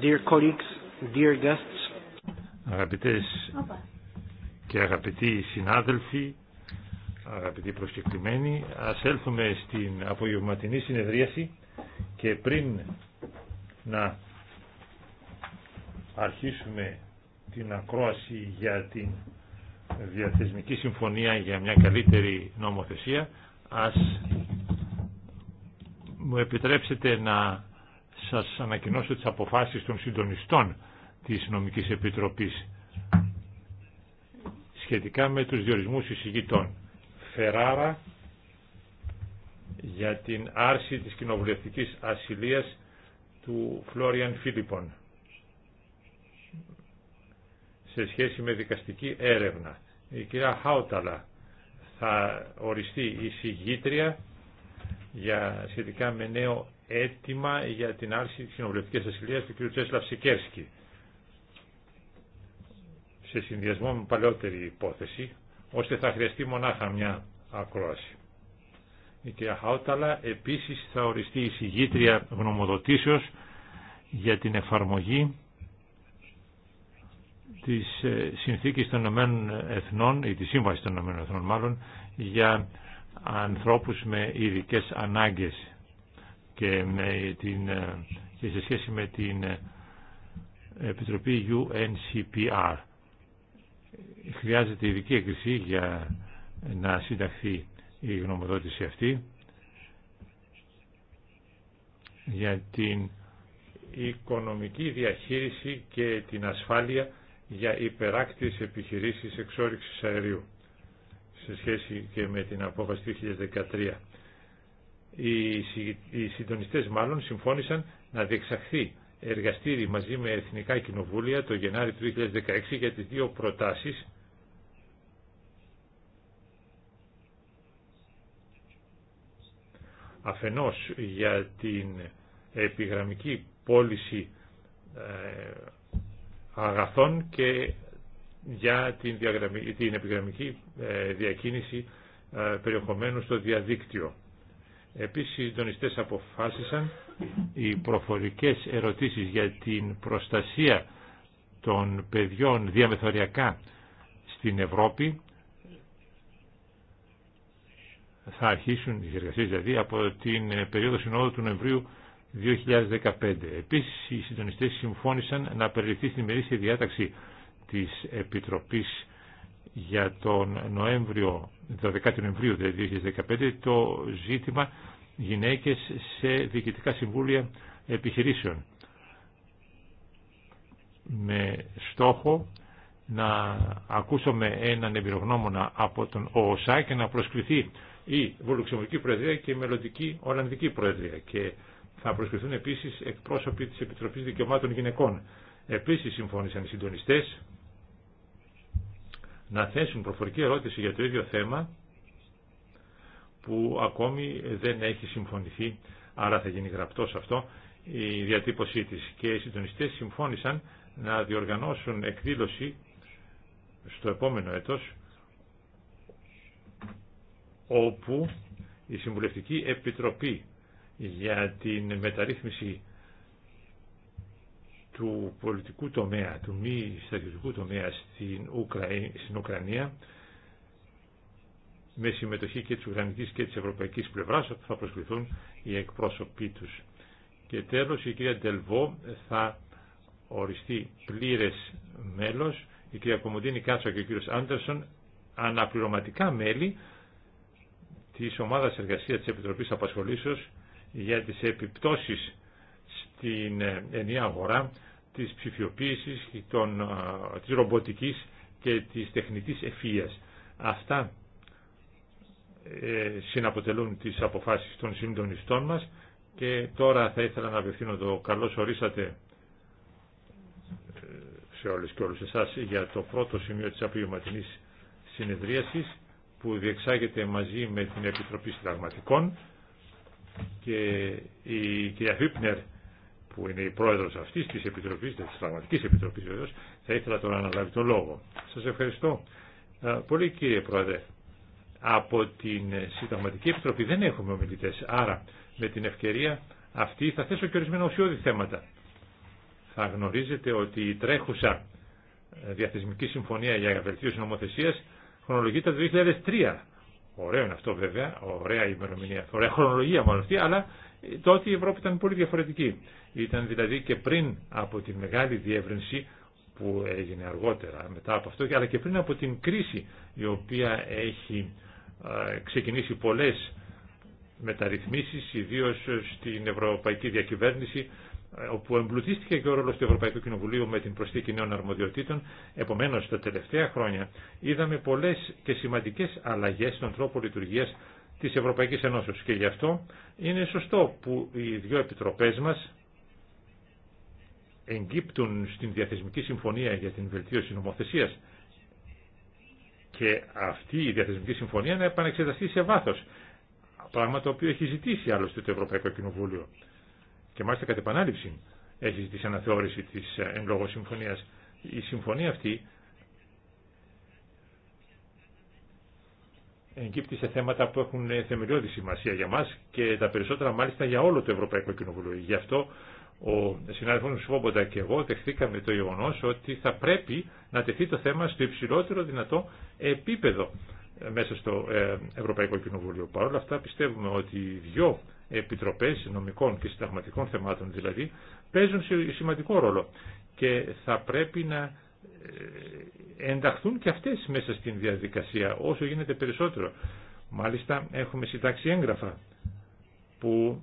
Dear colleagues, dear Αγαπητές και αγαπητοί συνάδελφοι, αγαπητοί προσκεκλημένοι, ας έλθουμε στην απογευματινή συνεδρίαση και πριν να αρχίσουμε την ακρόαση για την διαθεσμική συμφωνία για μια καλύτερη νομοθεσία, ας μου επιτρέψετε να σας ανακοινώσω τις αποφάσεις των συντονιστών της Νομικής Επιτροπής σχετικά με τους διορισμούς εισηγητών. Φεράρα για την άρση της κοινοβουλευτικής ασυλίας του Φλόριαν Φίλιππον σε σχέση με δικαστική έρευνα. Η κυρία Χάουταλα θα οριστεί η συγγήτρια για, σχετικά με νέο Έτοιμα για την άρση της κοινοβουλευτικής ασυλίας του κ. Τσέσλαβ Σικέρσκη σε συνδυασμό με παλαιότερη υπόθεση ώστε θα χρειαστεί μονάχα μια ακρόαση. Η κ. Χάουταλα επίσης θα οριστεί η συγγήτρια γνωμοδοτήσεως για την εφαρμογή της ε, συνθήκης των Ηνωμένων Εθνών ή της σύμβασης των Ηνωμένων Εθνών μάλλον για ανθρώπους με ειδικές ανάγκες και, με την, ε, και σε σχέση με την ε, Επιτροπή UNCPR. Χρειάζεται ειδική έγκριση για να συνταχθεί η γνωμοδότηση αυτή για την οικονομική διαχείριση και την ασφάλεια για υπεράκτιες επιχειρήσεις εξόριξης αερίου σε σχέση και με την απόφαση 2013 οι συντονιστές μάλλον συμφώνησαν να διεξαχθεί εργαστήρι μαζί με εθνικά κοινοβούλια το Γενάρη του 2016 για τις δύο προτάσεις αφενός για την επιγραμμική πώληση ε, αγαθών και για την, την επιγραμμική ε, διακίνηση ε, περιεχομένου στο διαδίκτυο. Επίσης οι συντονιστές αποφάσισαν οι προφορικές ερωτήσεις για την προστασία των παιδιών διαμεθοριακά στην Ευρώπη θα αρχίσουν οι εργασίες δηλαδή από την περίοδο συνόδου του Νοεμβρίου 2015. Επίσης οι συντονιστές συμφώνησαν να περιληφθεί στην ημερήσια διάταξη της Επιτροπής για τον Νοέμβριο 12 Νοεμβρίου 2015 δηλαδή, το ζήτημα γυναίκες σε διοικητικά συμβούλια επιχειρήσεων με στόχο να ακούσουμε έναν εμπειρογνώμονα από τον ΟΟΣΑ και να προσκληθεί η Βολουξεμβουργική Προεδρία και η Μελλοντική Ολλανδική Προεδρία και θα προσκληθούν επίσης εκπρόσωποι της Επιτροπής Δικαιωμάτων Γυναικών. Επίσης συμφώνησαν οι συντονιστές να θέσουν προφορική ερώτηση για το ίδιο θέμα που ακόμη δεν έχει συμφωνηθεί, άρα θα γίνει γραπτός αυτό η διατύπωσή της. Και οι συντονιστές συμφώνησαν να διοργανώσουν εκδήλωση στο επόμενο έτος όπου η Συμβουλευτική Επιτροπή για την μεταρρύθμιση του πολιτικού τομέα, του μη στρατιωτικού τομέα στην, Ουκρανία, στην Ουκρανία με συμμετοχή και της Ουκρανικής και της Ευρωπαϊκής πλευράς όπου θα προσκληθούν οι εκπρόσωποι τους. Και τέλος η κυρία Ντελβό θα οριστεί πλήρες μέλος, η κυρία Κομοντίνη Κάτσα και ο κύριος Άντερσον αναπληρωματικά μέλη της ομάδας εργασίας της Επιτροπής Απασχολήσεως για τις επιπτώσεις στην ε, ενιαία αγορά της ψηφιοποίησης, των, της ρομποτικής και της τεχνητής ευφυΐας. Αυτά ε, συναποτελούν τις αποφάσεις των συντονιστών μας και τώρα θα ήθελα να απευθύνω το καλώς ορίσατε ε, σε όλες και όλους εσάς για το πρώτο σημείο της απογευματινής συνεδρίασης που διεξάγεται μαζί με την Επιτροπή Συνταγματικών και η κυρία Βίπνερ που είναι η πρόεδρος αυτής της Επιτροπής, της Πραγματικής Επιτροπής βεβαίως, θα ήθελα τώρα να λάβει το λόγο. Σας ευχαριστώ ε, πολύ κύριε Πρόεδρε. Από την Συνταγματική Επιτροπή δεν έχουμε ομιλητές, άρα με την ευκαιρία αυτή θα θέσω και ορισμένα ουσιώδη θέματα. Θα γνωρίζετε ότι η τρέχουσα ε, διαθεσμική συμφωνία για βελτίωση νομοθεσίας χρονολογείται το 2003. Ωραίο είναι αυτό βέβαια, ωραία ημερομηνία, ωραία χρονολογία μάλλον αυτή, αλλά τότε η Ευρώπη ήταν πολύ διαφορετική. Ήταν δηλαδή και πριν από τη μεγάλη διεύρυνση που έγινε αργότερα μετά από αυτό, αλλά και πριν από την κρίση η οποία έχει ξεκινήσει πολλές μεταρρυθμίσεις, ιδίως στην ευρωπαϊκή διακυβέρνηση, ε, όπου εμπλουτίστηκε και ο ρόλος του Ευρωπαϊκού Κοινοβουλίου με την προσθήκη νέων αρμοδιοτήτων. Επομένως, τα τελευταία χρόνια είδαμε πολλές και σημαντικές αλλαγές στον τρόπο λειτουργίας της Ευρωπαϊκής Ενώσεως. Και γι' αυτό είναι σωστό που οι δύο επιτροπές μας εγκύπτουν στην Διαθεσμική Συμφωνία για την Βελτίωση Νομοθεσίας και αυτή η Διαθεσμική Συμφωνία να επανεξεταστεί σε βάθος, πράγμα το οποίο έχει ζητήσει άλλωστε το Ευρωπαϊκό Κοινοβούλιο και μάλιστα κατ' επανάληψη έχει ζητήσει αναθεώρηση της ε, εν λόγω συμφωνίας. Η συμφωνία αυτή εγκύπτει σε θέματα που έχουν θεμελιώδη σημασία για μας και τα περισσότερα μάλιστα για όλο το Ευρωπαϊκό Κοινοβούλιο. Γι' αυτό ο συνάδελφος Σφόμποντα και εγώ δεχθήκαμε το γεγονό ότι θα πρέπει να τεθεί το θέμα στο υψηλότερο δυνατό επίπεδο μέσα στο ε, Ευρωπαϊκό Κοινοβούλιο. Παρ' όλα αυτά πιστεύουμε ότι οι δυο επιτροπές νομικών και συνταγματικών θεμάτων δηλαδή παίζουν σημαντικό ρόλο και θα πρέπει να ε, ενταχθούν και αυτές μέσα στην διαδικασία όσο γίνεται περισσότερο. Μάλιστα έχουμε συντάξει έγγραφα που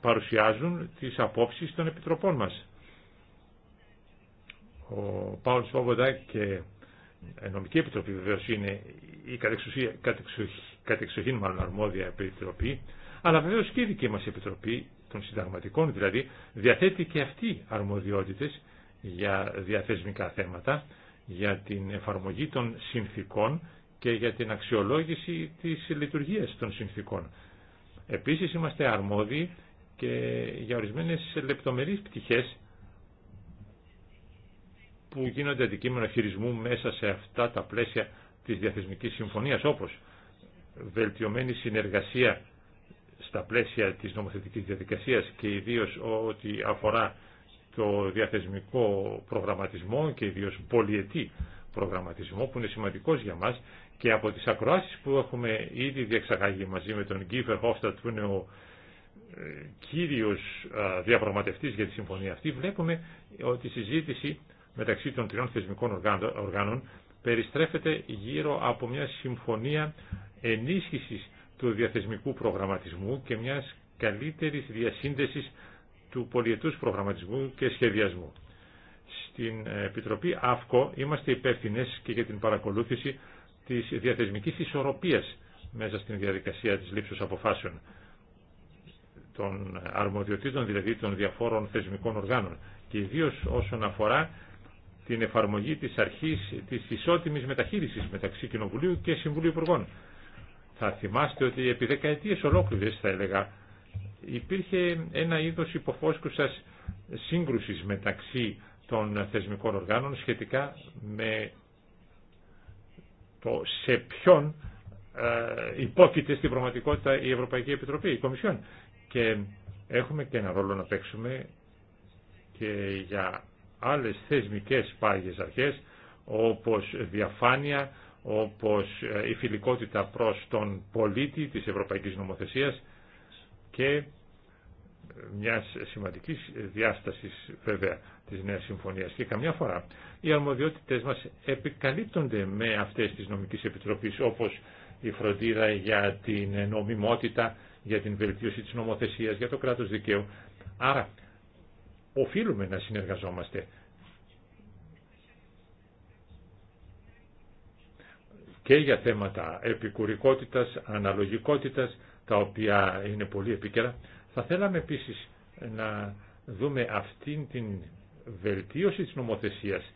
παρουσιάζουν τις απόψεις των επιτροπών μας. Ο Πάουλ Σόβοντα και η νομική επιτροπή βεβαίως είναι η κατεξοχήν μάλλον αρμόδια επιτροπή, αλλά βεβαίως και η δική μας επιτροπή των συνταγματικών δηλαδή διαθέτει και αυτή αρμοδιότητες για διαθεσμικά θέματα, για την εφαρμογή των συνθήκων και για την αξιολόγηση της λειτουργίας των συνθήκων. Επίσης είμαστε αρμόδιοι και για ορισμένες λεπτομερείς πτυχές που γίνονται αντικείμενο χειρισμού μέσα σε αυτά τα πλαίσια της διαθεσμικής συμφωνίας όπως βελτιωμένη συνεργασία στα πλαίσια της νομοθετικής διαδικασίας και ιδίως ό,τι αφορά το διαθεσμικό προγραμματισμό και ιδίω πολιετή προγραμματισμό που είναι σημαντικός για μας και από τις ακροάσεις που έχουμε ήδη διεξαγάγει μαζί με τον Γκίφερ Χόφστατ που είναι ο ε, κύριος διαπραγματευτής για τη συμφωνία αυτή βλέπουμε ότι η συζήτηση μεταξύ των τριών θεσμικών οργάνων περιστρέφεται γύρω από μια συμφωνία ενίσχυσης του διαθεσμικού προγραμματισμού και μιας καλύτερης διασύνδεσης του πολιετούς προγραμματισμού και σχεδιασμού. Στην ε, Επιτροπή ΑΦΚΟ είμαστε υπεύθυνε και για την παρακολούθηση της διαθεσμικής ισορροπίας μέσα στην διαδικασία της λήψης αποφάσεων των αρμοδιοτήτων δηλαδή των διαφόρων θεσμικών οργάνων και ιδίω όσον αφορά την εφαρμογή της αρχής της ισότιμης μεταχείρισης μεταξύ Κοινοβουλίου και Συμβουλίου Υπουργών. Θα θυμάστε ότι επί δεκαετίες ολόκληρες θα έλεγα υπήρχε ένα είδος υποφόσκουσας σύγκρουσης μεταξύ των θεσμικών οργάνων σχετικά με το σε ποιον ε, υπόκειται στην πραγματικότητα η Ευρωπαϊκή Επιτροπή, η Κομισιόν. Και έχουμε και ένα ρόλο να παίξουμε και για άλλες θεσμικές πάγιες αρχές όπως διαφάνεια, όπως ε, η φιλικότητα προς τον πολίτη της Ευρωπαϊκής Νομοθεσίας και μιας σημαντικής διάστασης βέβαια της νέας συμφωνίας και καμιά φορά οι αρμοδιότητες μας επικαλύπτονται με αυτές τις νομικές επιτροπές, όπως η φροντίδα για την νομιμότητα, για την βελτίωση της νομοθεσίας, για το κράτος δικαίου. Άρα οφείλουμε να συνεργαζόμαστε και για θέματα επικουρικότητας, αναλογικότητας, τα οποία είναι πολύ επίκαιρα, θα θέλαμε επίσης να δούμε αυτήν την βελτίωση της νομοθεσίας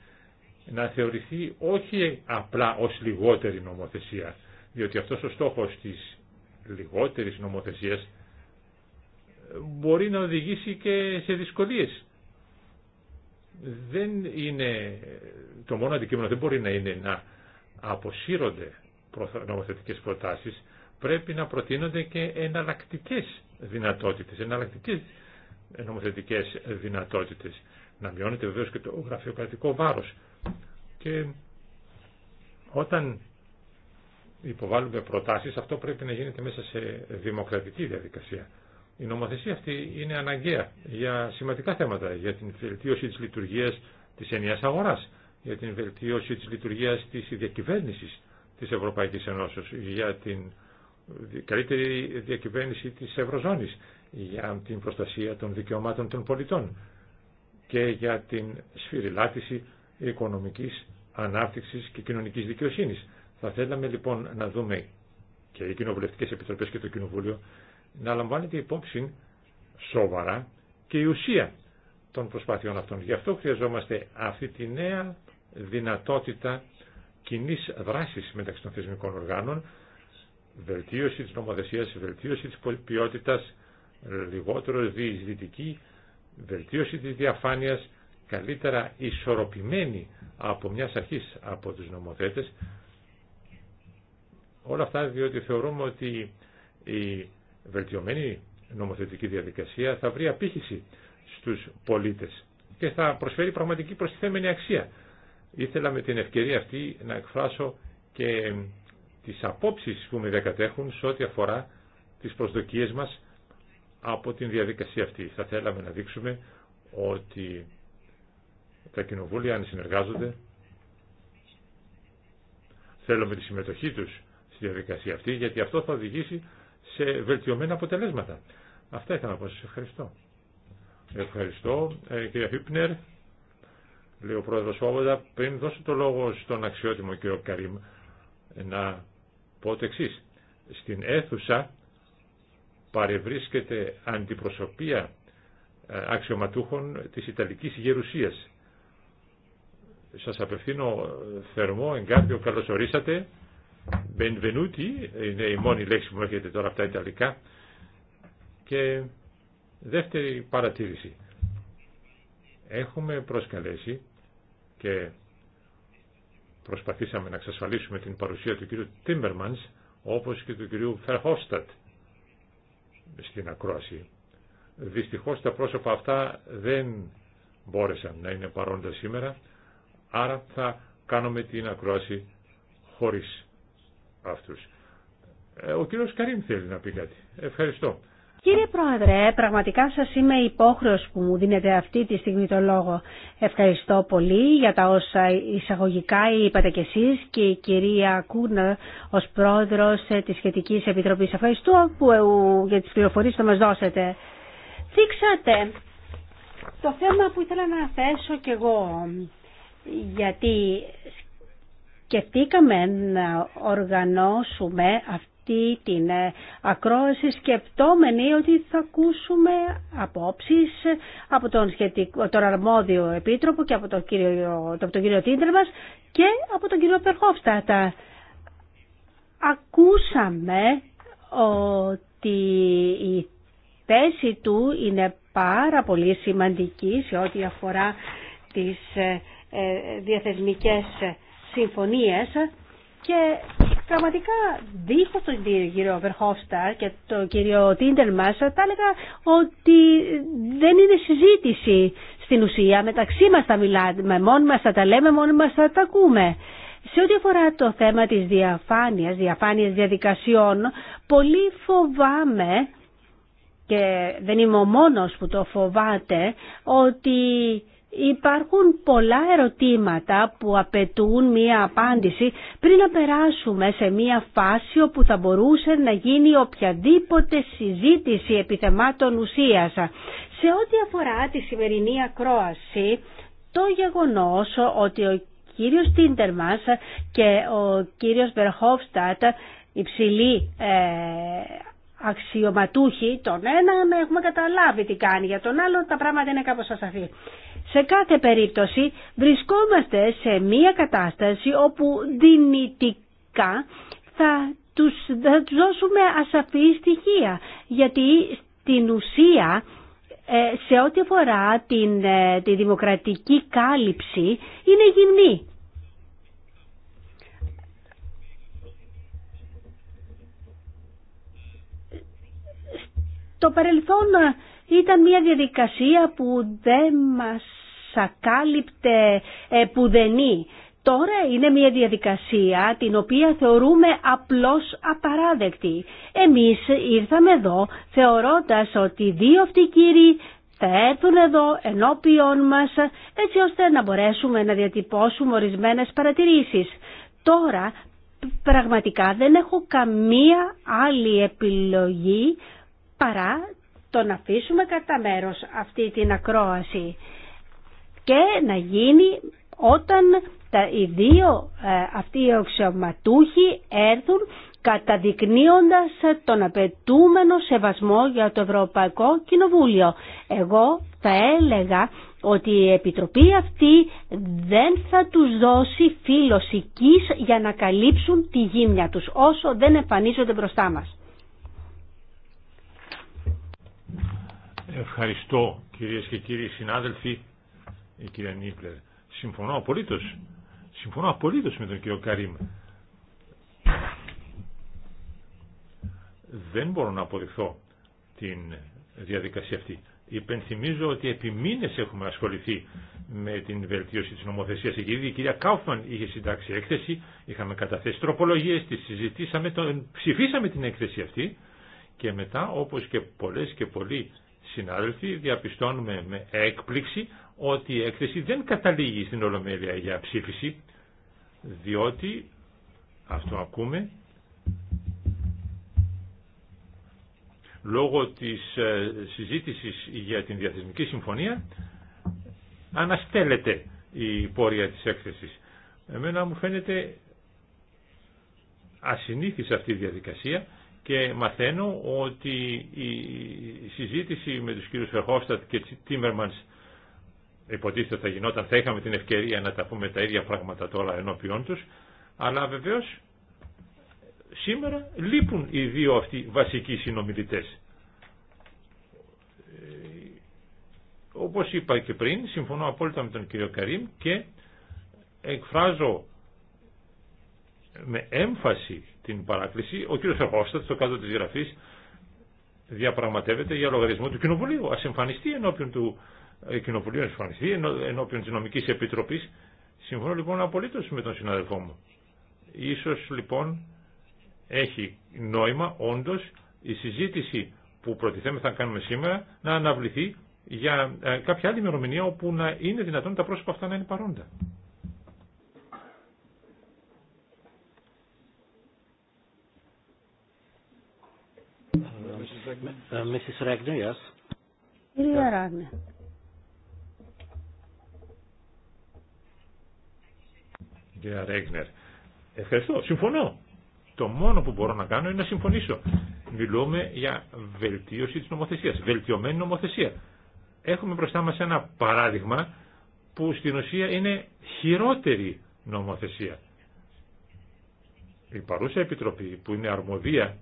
να θεωρηθεί όχι απλά ως λιγότερη νομοθεσία, διότι αυτός ο στόχος της λιγότερης νομοθεσίας μπορεί να οδηγήσει και σε δυσκολίες. Δεν είναι, το μόνο αντικείμενο δεν μπορεί να είναι να αποσύρονται νομοθετικές προτάσεις, πρέπει να προτείνονται και εναλλακτικέ δυνατότητες, εναλλακτικέ νομοθετικές δυνατότητες. Να μειώνεται βεβαίω και το γραφειοκρατικό βάρος. Και όταν υποβάλλουμε προτάσεις, αυτό πρέπει να γίνεται μέσα σε δημοκρατική διαδικασία. Η νομοθεσία αυτή είναι αναγκαία για σημαντικά θέματα, για την βελτίωση της λειτουργίας της ενιαίας αγοράς, για την βελτίωση της λειτουργίας της διακυβέρνηση της Ευρωπαϊκής Ενώσεως, για την καλύτερη διακυβέρνηση της Ευρωζώνης για την προστασία των δικαιωμάτων των πολιτών και για την σφυριλάτηση οικονομικής ανάπτυξης και κοινωνικής δικαιοσύνης. Θα θέλαμε λοιπόν να δούμε και οι κοινοβουλευτικέ επιτροπές και το Κοινοβούλιο να λαμβάνεται υπόψη σοβαρά και η ουσία των προσπάθειών αυτών. Γι' αυτό χρειαζόμαστε αυτή τη νέα δυνατότητα κοινή δράσης μεταξύ των θεσμικών οργάνων βελτίωση της νομοθεσίας, βελτίωση της ποιότητας, λιγότερο διεισδυτική, βελτίωση της διαφάνειας, καλύτερα ισορροπημένη από μια αρχή από τους νομοθέτες. Όλα αυτά διότι θεωρούμε ότι η βελτιωμένη νομοθετική διαδικασία θα βρει απήχηση στους πολίτες και θα προσφέρει πραγματική προστιθέμενη αξία. Ήθελα με την ευκαιρία αυτή να εκφράσω και τις απόψεις που με διακατέχουν σε ό,τι αφορά τις προσδοκίες μας από την διαδικασία αυτή. Θα θέλαμε να δείξουμε ότι τα κοινοβούλια αν συνεργάζονται θέλουμε τη συμμετοχή τους στη διαδικασία αυτή γιατί αυτό θα οδηγήσει σε βελτιωμένα αποτελέσματα. Αυτά ήθελα να πω. Σας ευχαριστώ. Ευχαριστώ κύριε Χίπνερ. Λέει ο πρόεδρος Φόβοντα, πριν δώσω το λόγο στον αξιότιμο κύριο Καρύμ να Πότε εξή, Στην αίθουσα παρευρίσκεται αντιπροσωπεία ε, αξιωματούχων της Ιταλικής Γερουσίας. Σας απευθύνω ε, θερμό, εγκάρδιο, καλώς ορίσατε. Benvenuti, είναι η μόνη λέξη που μου έρχεται τώρα αυτά Ιταλικά. Και δεύτερη παρατήρηση. Έχουμε προσκαλέσει και προσπαθήσαμε να εξασφαλίσουμε την παρουσία του κύριου Τίμπερμαντς όπως και του κυρίου Φερχόστατ στην ακρόαση. Δυστυχώς τα πρόσωπα αυτά δεν μπόρεσαν να είναι παρόντα σήμερα, άρα θα κάνουμε την ακρόαση χωρίς αυτούς. Ε, ο κύριος Καρίν θέλει να πει κάτι. Ευχαριστώ. Κύριε Πρόεδρε, πραγματικά σας είμαι υπόχρεος που μου δίνετε αυτή τη στιγμή το λόγο. Ευχαριστώ πολύ για τα όσα εισαγωγικά είπατε κι εσείς και η κυρία Κούνα ως πρόεδρος ε, της Σχετικής Επιτροπής. Ευχαριστώ που, ε, για τις πληροφορίες που μας δώσετε. Θίξατε το θέμα που ήθελα να θέσω κι εγώ, γιατί σκεφτήκαμε να οργανώσουμε αυτή αυτή την ε, ακρόαση σκεπτόμενοι ότι θα ακούσουμε απόψεις από τον, σχετικό, τον αρμόδιο επίτροπο και από τον κύριο, από τον κύριο Τίντερ μας και από τον κύριο Περχόφστατα. Ακούσαμε ότι η θέση του είναι πάρα πολύ σημαντική σε ό,τι αφορά τις ε, ε, διαθεσμικές συμφωνίες και πραγματικά δίχω τον κύριο Βερχόφσταρ και τον κύριο Τίντερ μας τα έλεγα ότι δεν είναι συζήτηση στην ουσία. Μεταξύ μα τα μιλάμε, μόνοι μα τα λέμε, μόνοι μα θα τα ακούμε. Σε ό,τι αφορά το θέμα της διαφάνειας, διαφάνειας διαδικασιών, πολύ φοβάμαι και δεν είμαι ο μόνος που το φοβάται ότι Υπάρχουν πολλά ερωτήματα που απαιτούν μία απάντηση πριν να περάσουμε σε μία φάση όπου θα μπορούσε να γίνει οποιαδήποτε συζήτηση επιθεμάτων ουσίας. Σε ό,τι αφορά τη σημερινή ακρόαση, το γεγονός ότι ο κύριος Τίντερμας και ο κύριος Βερχόφστατ υψηλή ε, αξιωματούχοι, τον ένα έχουμε καταλάβει τι κάνει, για τον άλλο τα πράγματα είναι κάπως ασαφή. Σε κάθε περίπτωση βρισκόμαστε σε μία κατάσταση όπου δυνητικά θα τους, θα τους δώσουμε ασαφή στοιχεία γιατί στην ουσία ε, σε ό,τι αφορά την, ε, τη δημοκρατική κάλυψη είναι γυμνή. Το παρελθόν ήταν μια διαδικασία που δεν μας κάλύπτε ε, πουδενή. Τώρα είναι μια διαδικασία την οποία θεωρούμε απλώς απαράδεκτη. Εμείς ήρθαμε εδώ θεωρώντας ότι δύο αυτοί κύριοι θα έρθουν εδώ ενώπιον μας έτσι ώστε να μπορέσουμε να διατυπώσουμε ορισμένες παρατηρήσεις. Τώρα πραγματικά δεν έχω καμία άλλη επιλογή παρά το να αφήσουμε κατά μέρος αυτή την ακρόαση και να γίνει όταν τα, οι δύο ε, αυτοί οι αξιωματούχοι έρθουν καταδεικνύοντας τον απαιτούμενο σεβασμό για το Ευρωπαϊκό Κοινοβούλιο. Εγώ θα έλεγα ότι η Επιτροπή αυτή δεν θα τους δώσει φίλος για να καλύψουν τη γύμνια τους όσο δεν εμφανίζονται μπροστά μας. Ευχαριστώ κυρίες και κύριοι συνάδελφοι η ε, κυρία Νίπλερ. Συμφωνώ απολύτως. Συμφωνώ απολύτως με τον κύριο Καρίμ. Δεν μπορώ να αποδειχθώ την διαδικασία αυτή. Υπενθυμίζω ότι επί μήνε έχουμε ασχοληθεί με την βελτίωση της νομοθεσίας εκεί. Η κυρία Κάουφμαν είχε συντάξει έκθεση, είχαμε καταθέσει τροπολογίε. τη συζητήσαμε, τον, ψηφίσαμε την έκθεση αυτή και μετά όπω και πολλέ και πολλοί συνάδελφοι διαπιστώνουμε με έκπληξη ότι η έκθεση δεν καταλήγει στην Ολομέλεια για ψήφιση, διότι, αυτό ακούμε, λόγω της ε, συζήτησης για την διαθεσμική συμφωνία αναστέλλεται η πορεία της έκθεσης. Εμένα μου φαίνεται ασυνήθις αυτή η διαδικασία και μαθαίνω ότι η συζήτηση με τους κύριους Φερχόφστατ και Τίμερμανς υποτίθεται θα γινόταν, θα είχαμε την ευκαιρία να τα πούμε τα ίδια πράγματα τώρα ενώπιόν τους, αλλά βεβαίως σήμερα λείπουν οι δύο αυτοί βασικοί συνομιλητές. Ε, όπως είπα και πριν, συμφωνώ απόλυτα με τον κύριο Καρίμ και εκφράζω με έμφαση την παράκληση. Ο κύριος Ερχόστατ, στο κάτω της γραφής, διαπραγματεύεται για λογαριασμό του Κοινοβουλίου. Ας εμφανιστεί ενώπιον του ε, κοινοβουλίου εμφανιστεί ενώπιον της Νομικής Επιτροπής. Συμφωνώ λοιπόν απολύτως με τον συναδελφό μου. Ίσως λοιπόν έχει νόημα όντως η συζήτηση που προτιθέμεθα να κάνουμε σήμερα να αναβληθεί για ε, κάποια άλλη ημερομηνία όπου να είναι δυνατόν τα πρόσωπα αυτά να είναι παρόντα. Mrs. yes. Κυρία Ρέγνερ, ευχαριστώ. Συμφωνώ. Το μόνο που μπορώ να κάνω είναι να συμφωνήσω. Μιλούμε για βελτίωση της νομοθεσίας, βελτιωμένη νομοθεσία. Έχουμε μπροστά μας ένα παράδειγμα που στην ουσία είναι χειρότερη νομοθεσία. Η παρούσα επιτροπή που είναι αρμοδία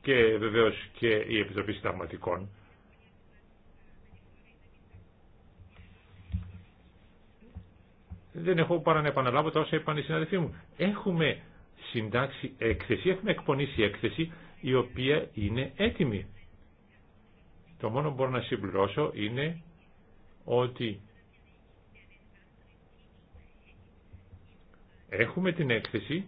και βεβαίως και η Επιτροπή Συνταγματικών δεν έχω παρά να επαναλάβω τα όσα είπαν οι συναδελφοί μου. Έχουμε συντάξει έκθεση, έχουμε εκπονήσει έκθεση η οποία είναι έτοιμη. Το μόνο που μπορώ να συμπληρώσω είναι ότι έχουμε την έκθεση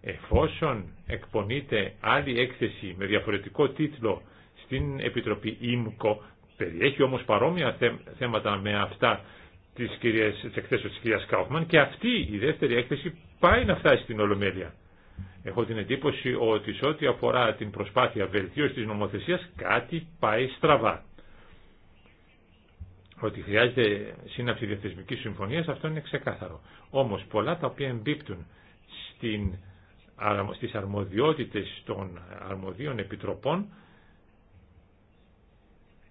εφόσον εκπονείται άλλη έκθεση με διαφορετικό τίτλο στην Επιτροπή ΙΜΚΟ, περιέχει όμως παρόμοια θέματα με αυτά της, κυρίας, της εκθέσεως της κυρίας Κάουφμαν και αυτή η δεύτερη έκθεση πάει να φτάσει στην Ολομέλεια. Έχω την εντύπωση ότι σε ό,τι αφορά την προσπάθεια βελτίωσης της νομοθεσίας κάτι πάει στραβά. Ότι χρειάζεται σύναψη διαθεσμικής συμφωνίας αυτό είναι ξεκάθαρο. Όμως πολλά τα οποία εμπίπτουν στην, στις αρμοδιότητες των αρμοδίων επιτροπών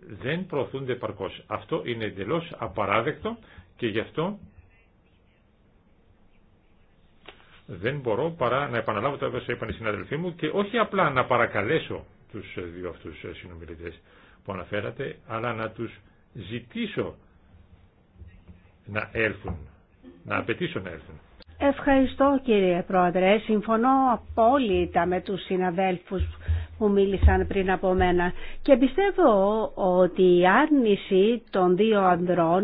δεν προωθούνται επαρκώς. Αυτό είναι εντελώς απαράδεκτο και γι' αυτό δεν μπορώ παρά να επαναλάβω τα όσα είπαν οι συναδελφοί μου και όχι απλά να παρακαλέσω τους δύο αυτούς συνομιλητές που αναφέρατε, αλλά να τους ζητήσω να έλθουν, να απαιτήσω να έρθουν. Ευχαριστώ κύριε Πρόεδρε. Συμφωνώ απόλυτα με τους συναδέλφους που μίλησαν πριν από μένα. Και πιστεύω ότι η άρνηση των δύο ανδρών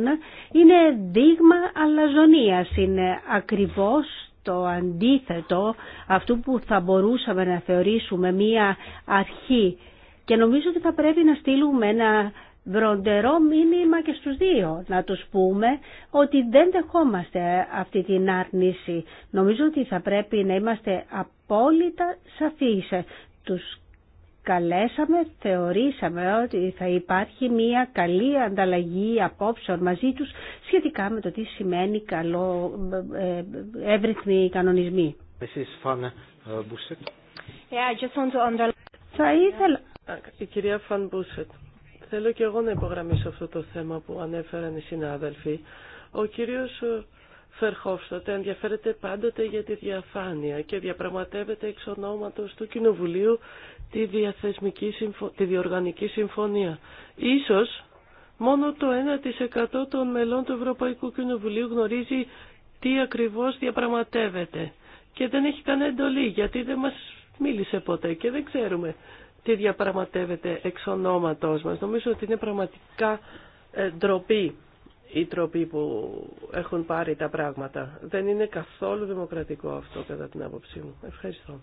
είναι δείγμα αλαζονίας, είναι ακριβώς το αντίθετο αυτού που θα μπορούσαμε να θεωρήσουμε μία αρχή. Και νομίζω ότι θα πρέπει να στείλουμε ένα βροντερό μήνυμα και στους δύο, να τους πούμε ότι δεν δεχόμαστε αυτή την άρνηση. Νομίζω ότι θα πρέπει να είμαστε απόλυτα σαφείς. Τους καλέσαμε, θεωρήσαμε ότι θα υπάρχει μια καλή ανταλλαγή απόψεων μαζί τους σχετικά με το τι σημαίνει καλό ε, ε, εύρυθμοι κανονισμοί. Ε, θα ήθελα... Η κυρία Φαν Μπούσετ, θέλω και εγώ να υπογραμμίσω αυτό το θέμα που ανέφεραν οι συνάδελφοι. Ο κύριος Φερχόφστατε ενδιαφέρεται πάντοτε για τη διαφάνεια και διαπραγματεύεται εξ του Κοινοβουλίου τη, διαθεσμική τη διοργανική συμφωνία. Ίσως μόνο το 1% των μελών του Ευρωπαϊκού Κοινοβουλίου γνωρίζει τι ακριβώς διαπραγματεύεται και δεν έχει κανένα εντολή γιατί δεν μας μίλησε ποτέ και δεν ξέρουμε τι διαπραγματεύεται εξ ονόματός μας. Νομίζω ότι είναι πραγματικά ε, ντροπή οι τρόποι που έχουν πάρει τα πράγματα. Δεν είναι καθόλου δημοκρατικό αυτό κατά την άποψή μου. Ευχαριστώ.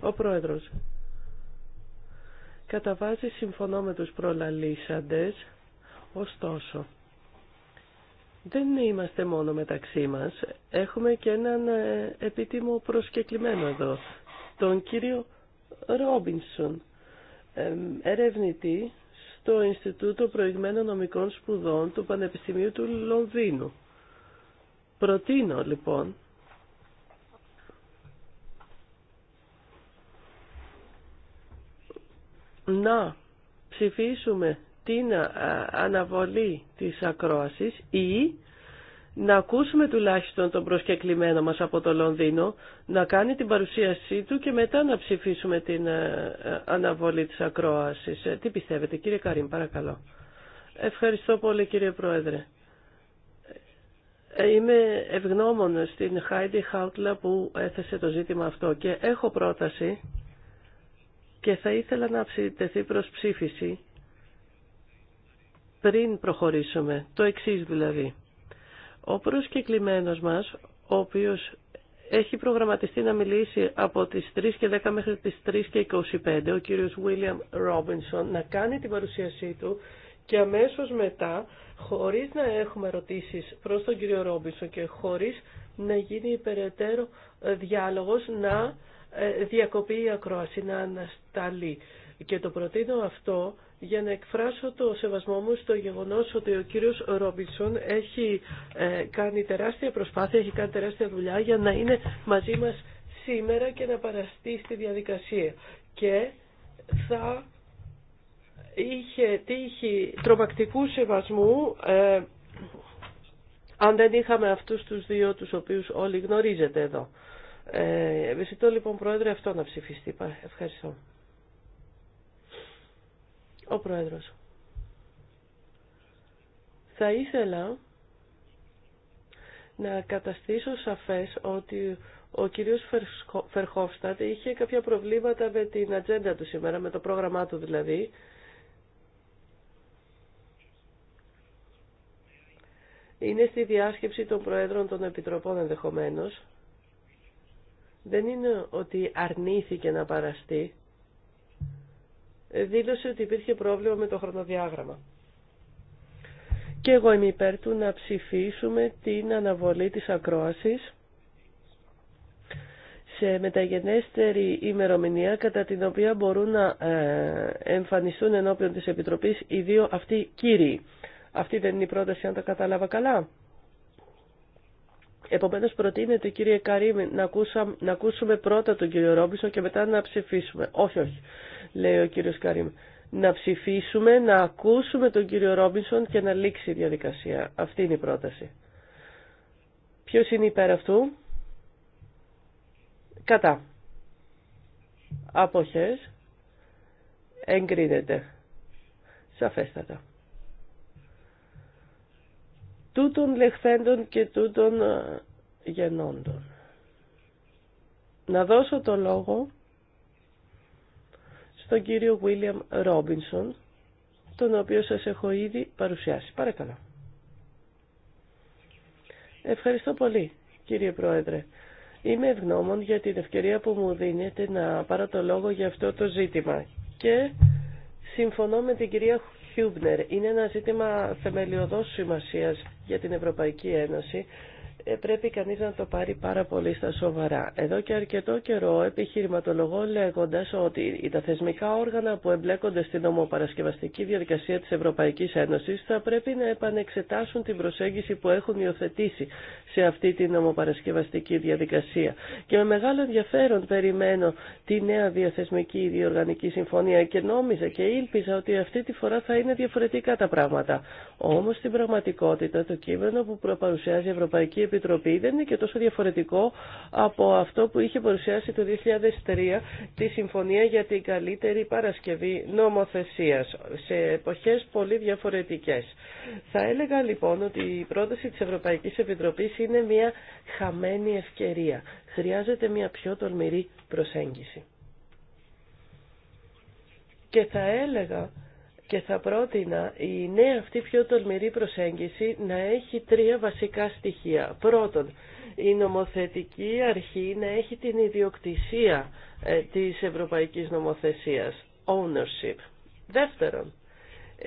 Ο Πρόεδρος. Κατά βάση συμφωνώ με τους προλαλήσαντες, ωστόσο. Δεν είμαστε μόνο μεταξύ μας. Έχουμε και έναν ε, επίτιμο προσκεκλημένο εδώ, τον κύριο Ρόμπινσον, ε, ερευνητή στο Ινστιτούτο Προηγμένων Νομικών Σπουδών του Πανεπιστημίου του Λονδίνου. Προτείνω λοιπόν να ψηφίσουμε την ε, αναβολή της ακρόασης ή να ακούσουμε τουλάχιστον τον προσκεκλημένο μας από το Λονδίνο, να κάνει την παρουσίασή του και μετά να ψηφίσουμε την ε, ε, αναβολή της ακρόασης. Ε, τι πιστεύετε κύριε Καρίν, παρακαλώ. Ευχαριστώ πολύ κύριε Πρόεδρε. Είμαι ευγνώμων στην Χάιντι Χάουτλα που έθεσε το ζήτημα αυτό και έχω πρόταση και θα ήθελα να τεθεί προς ψήφιση πριν προχωρήσουμε, το εξής δηλαδή. Ο προσκεκλημένος μας, ο οποίος έχει προγραμματιστεί να μιλήσει από τις 3 και 10 μέχρι τις 3 και 25, ο κύριος William Robinson, να κάνει την παρουσίασή του και αμέσως μετά, χωρίς να έχουμε ερωτήσεις προς τον κύριο Ρόμπινσον και χωρίς να γίνει υπεραιτέρω ε, διάλογος, να ε, διακοπεί η ακρόαση, να ανασταλεί. Και το προτείνω αυτό για να εκφράσω το σεβασμό μου στο γεγονός ότι ο κύριος Ρόμπινσον έχει ε, κάνει τεράστια προσπάθεια, έχει κάνει τεράστια δουλειά για να είναι μαζί μας σήμερα και να παραστεί στη διαδικασία. Και θα είχε τύχει τρομακτικού σεβασμού ε, αν δεν είχαμε αυτούς τους δύο τους οποίους όλοι γνωρίζετε εδώ. Ε, λοιπόν Πρόεδρε αυτό να ψηφιστεί. Ευχαριστώ. Ο Πρόεδρος. Θα ήθελα να καταστήσω σαφές ότι ο κύριος Φερχόφστατ είχε κάποια προβλήματα με την ατζέντα του σήμερα, με το πρόγραμμά του δηλαδή. Είναι στη διάσκεψη των Προέδρων των Επιτροπών ενδεχομένως. Δεν είναι ότι αρνήθηκε να παραστεί δήλωσε ότι υπήρχε πρόβλημα με το χρονοδιάγραμμα. Και εγώ είμαι υπέρ του να ψηφίσουμε την αναβολή της ακρόασης σε μεταγενέστερη ημερομηνία κατά την οποία μπορούν να ε, εμφανιστούν ενώπιον της Επιτροπής οι δύο αυτοί κύριοι. Αυτή δεν είναι η πρόταση αν τα κατάλαβα καλά. Επομένως προτείνεται, κύριε Καρίμη να, ακούσουμε πρώτα τον κύριο Ρόμπισον και μετά να ψηφίσουμε. Όχι, όχι, λέει ο κύριος Καρίμη. Να ψηφίσουμε, να ακούσουμε τον κύριο Ρόμπισον και να λήξει η διαδικασία. Αυτή είναι η πρόταση. Ποιος είναι υπέρ αυτού? Κατά. Αποχές. Εγκρίνεται. Σαφέστατα τούτων λεχθέντων και τούτων ε, γενόντων. Να δώσω το λόγο στον κύριο Βίλιαμ Ρόμπινσον, τον οποίο σας έχω ήδη παρουσιάσει. Παρακαλώ. Ευχαριστώ πολύ, κύριε Πρόεδρε. Είμαι ευγνώμων για την ευκαιρία που μου δίνετε να πάρω το λόγο για αυτό το ζήτημα και συμφωνώ με την κυρία Χιούμπνερ. Είναι ένα ζήτημα θεμελιωδός σημασίας για την Ευρωπαϊκή Ένωση ε, πρέπει κανείς να το πάρει πάρα πολύ στα σοβαρά. Εδώ και αρκετό καιρό επιχειρηματολογώ λέγοντας ότι τα θεσμικά όργανα που εμπλέκονται στην ομοπαρασκευαστική διαδικασία της Ευρωπαϊκής Ένωσης θα πρέπει να επανεξετάσουν την προσέγγιση που έχουν υιοθετήσει σε αυτή την ομοπαρασκευαστική διαδικασία. Και με μεγάλο ενδιαφέρον περιμένω τη νέα διαθεσμική διοργανική συμφωνία και νόμιζα και ήλπιζα ότι αυτή τη φορά θα είναι διαφορετικά τα πράγματα. Όμως στην πραγματικότητα το κείμενο που προπαρουσιάζει η Ευρωπαϊκή Επιτροπή δεν είναι και τόσο διαφορετικό από αυτό που είχε παρουσιάσει το 2003 τη Συμφωνία για την Καλύτερη Παρασκευή Νομοθεσίας σε εποχές πολύ διαφορετικές. Θα έλεγα λοιπόν ότι η πρόταση της Ευρωπαϊκής Επιτροπής είναι μια χαμένη ευκαιρία. Χρειάζεται μια πιο τολμηρή προσέγγιση. Και θα έλεγα και θα πρότεινα η νέα αυτή πιο τολμηρή προσέγγιση να έχει τρία βασικά στοιχεία. Πρώτον, η νομοθετική αρχή να έχει την ιδιοκτησία ε, της ευρωπαϊκής νομοθεσίας, ownership. Δεύτερον,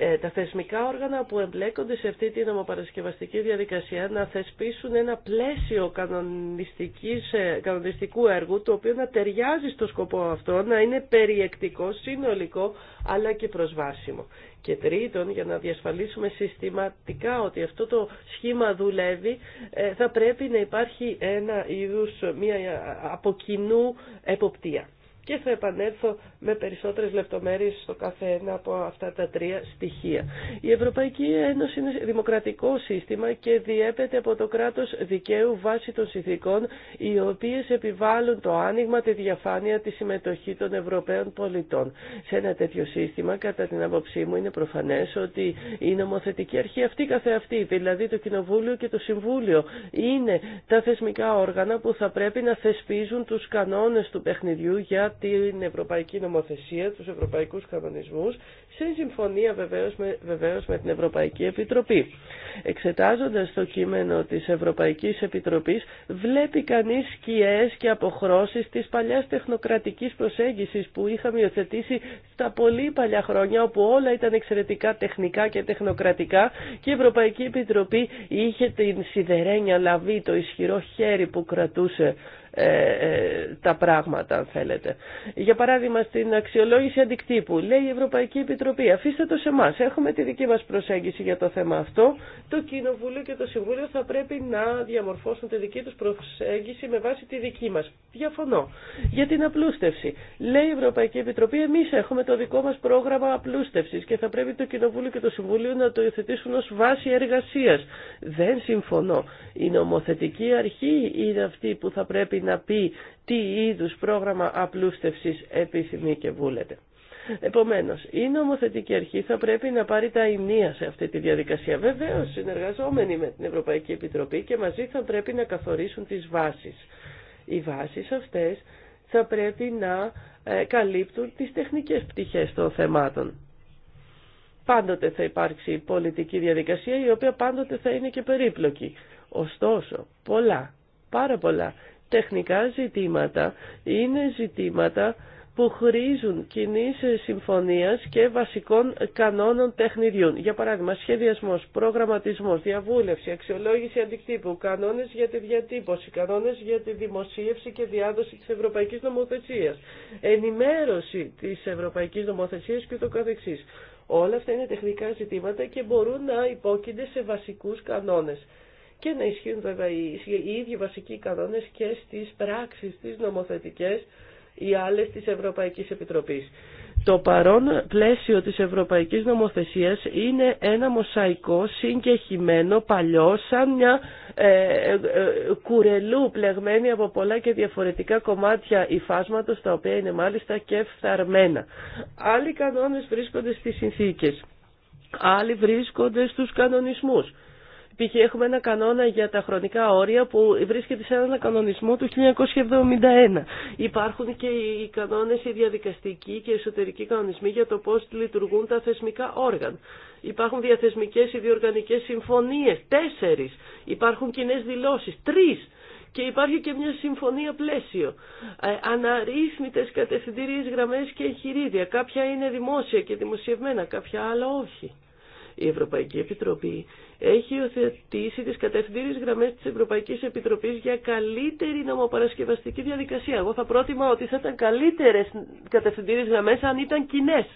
ε, τα θεσμικά όργανα που εμπλέκονται σε αυτή την νομοπαρασκευαστική διαδικασία να θεσπίσουν ένα πλαίσιο ε, κανονιστικού έργου το οποίο να ταιριάζει στο σκοπό αυτό, να είναι περιεκτικό, συνολικό αλλά και προσβάσιμο. Και τρίτον, για να διασφαλίσουμε συστηματικά ότι αυτό το σχήμα δουλεύει, ε, θα πρέπει να υπάρχει ένα είδους, μια από κοινού εποπτεία και θα επανέλθω με περισσότερες λεπτομέρειες στο κάθε ένα από αυτά τα τρία στοιχεία. Η Ευρωπαϊκή Ένωση είναι δημοκρατικό σύστημα και διέπεται από το κράτος δικαίου βάσει των συνθήκων οι οποίες επιβάλλουν το άνοιγμα, τη διαφάνεια, τη συμμετοχή των Ευρωπαίων πολιτών. Σε ένα τέτοιο σύστημα, κατά την άποψή μου, είναι προφανές ότι η νομοθετική αρχή αυτή αυτή, δηλαδή το Κοινοβούλιο και το Συμβούλιο, είναι τα θεσμικά όργανα που θα πρέπει να θεσπίζουν τους κανόνες του παιχνιδιού για την ευρωπαϊκή νομοθεσία, τους ευρωπαϊκούς κανονισμούς, σε συμφωνία βεβαίω με, την Ευρωπαϊκή Επιτροπή. Εξετάζοντας το κείμενο της Ευρωπαϊκής Επιτροπής, βλέπει κανεί σκιέ και αποχρώσεις της παλιάς τεχνοκρατικής προσέγγισης που είχαμε υιοθετήσει στα πολύ παλιά χρόνια, όπου όλα ήταν εξαιρετικά τεχνικά και τεχνοκρατικά και η Ευρωπαϊκή Επιτροπή είχε την σιδερένια λαβή, το ισχυρό χέρι που κρατούσε ε, ε, τα πράγματα, αν θέλετε. Για παράδειγμα, στην αξιολόγηση αντικτύπου, λέει η Ευρωπαϊκή Επιτροπή, αφήστε το σε εμά. Έχουμε τη δική μα προσέγγιση για το θέμα αυτό. Το Κοινοβούλιο και το Συμβούλιο θα πρέπει να διαμορφώσουν τη δική του προσέγγιση με βάση τη δική μα. Διαφωνώ. Για την απλούστευση, λέει η Ευρωπαϊκή Επιτροπή, εμεί έχουμε το δικό μα πρόγραμμα απλούστευση και θα πρέπει το Κοινοβούλιο και το Συμβούλιο να το υιοθετήσουν ω βάση εργασία. Δεν συμφωνώ. Η νομοθετική αρχή είναι αυτή που θα πρέπει να πει τι είδους πρόγραμμα απλούστευσης επιθυμεί και βούλεται. Επομένως, η νομοθετική αρχή θα πρέπει να πάρει τα ημνία σε αυτή τη διαδικασία. Βεβαίως, συνεργαζόμενοι με την Ευρωπαϊκή Επιτροπή και μαζί θα πρέπει να καθορίσουν τις βάσεις. Οι βάσεις αυτές θα πρέπει να ε, καλύπτουν τις τεχνικές πτυχές των θεμάτων. Πάντοτε θα υπάρξει πολιτική διαδικασία η οποία πάντοτε θα είναι και περίπλοκη. Ωστόσο, πολλά, πάρα πολλά τεχνικά ζητήματα είναι ζητήματα που χρήζουν κοινή συμφωνία και βασικών κανόνων τεχνιδιών. Για παράδειγμα, σχεδιασμό, προγραμματισμό, διαβούλευση, αξιολόγηση αντικτύπου, κανόνε για τη διατύπωση, κανόνε για τη δημοσίευση και διάδοση τη ευρωπαϊκή νομοθεσία, ενημέρωση τη ευρωπαϊκή νομοθεσία κ.ο.κ. Όλα αυτά είναι τεχνικά ζητήματα και μπορούν να υπόκεινται σε βασικού κανόνε και να ισχύουν βέβαια οι, ίδιοι βασικοί κανόνες και στις πράξεις, στις νομοθετικές ή άλλες της Ευρωπαϊκής Επιτροπής. Το παρόν πλαίσιο της Ευρωπαϊκής Νομοθεσίας είναι ένα μοσαϊκό συγκεχημένο παλιό σαν μια ε, ε, ε, κουρελού πλεγμένη από πολλά και διαφορετικά κομμάτια υφάσματος τα οποία είναι μάλιστα και φθαρμένα. Άλλοι κανόνες βρίσκονται στις συνθήκες, άλλοι βρίσκονται στους κανονισμούς. Π.χ. έχουμε ένα κανόνα για τα χρονικά όρια που βρίσκεται σε έναν κανονισμό του 1971. Υπάρχουν και οι κανόνες, οι διαδικαστικοί και οι εσωτερικοί κανονισμοί για το πώς λειτουργούν τα θεσμικά όργανα. Υπάρχουν διαθεσμικές ή διοργανικές συμφωνίες, τέσσερις. Υπάρχουν κοινέ δηλώσεις, τρεις. Και υπάρχει και μια συμφωνία πλαίσιο. Ε, αναρρύθμιτες κατευθυντήριες γραμμές και εγχειρίδια. Κάποια είναι δημόσια και δημοσιευμένα, κάποια άλλα όχι. Η Ευρωπαϊκή Επιτροπή έχει οθετήσει τις κατευθυντήριες γραμμές της Ευρωπαϊκής Επιτροπής για καλύτερη νομοπαρασκευαστική διαδικασία. Εγώ θα προτιμα ότι θα ήταν καλύτερες κατευθυντήριες γραμμές αν ήταν κοινέ.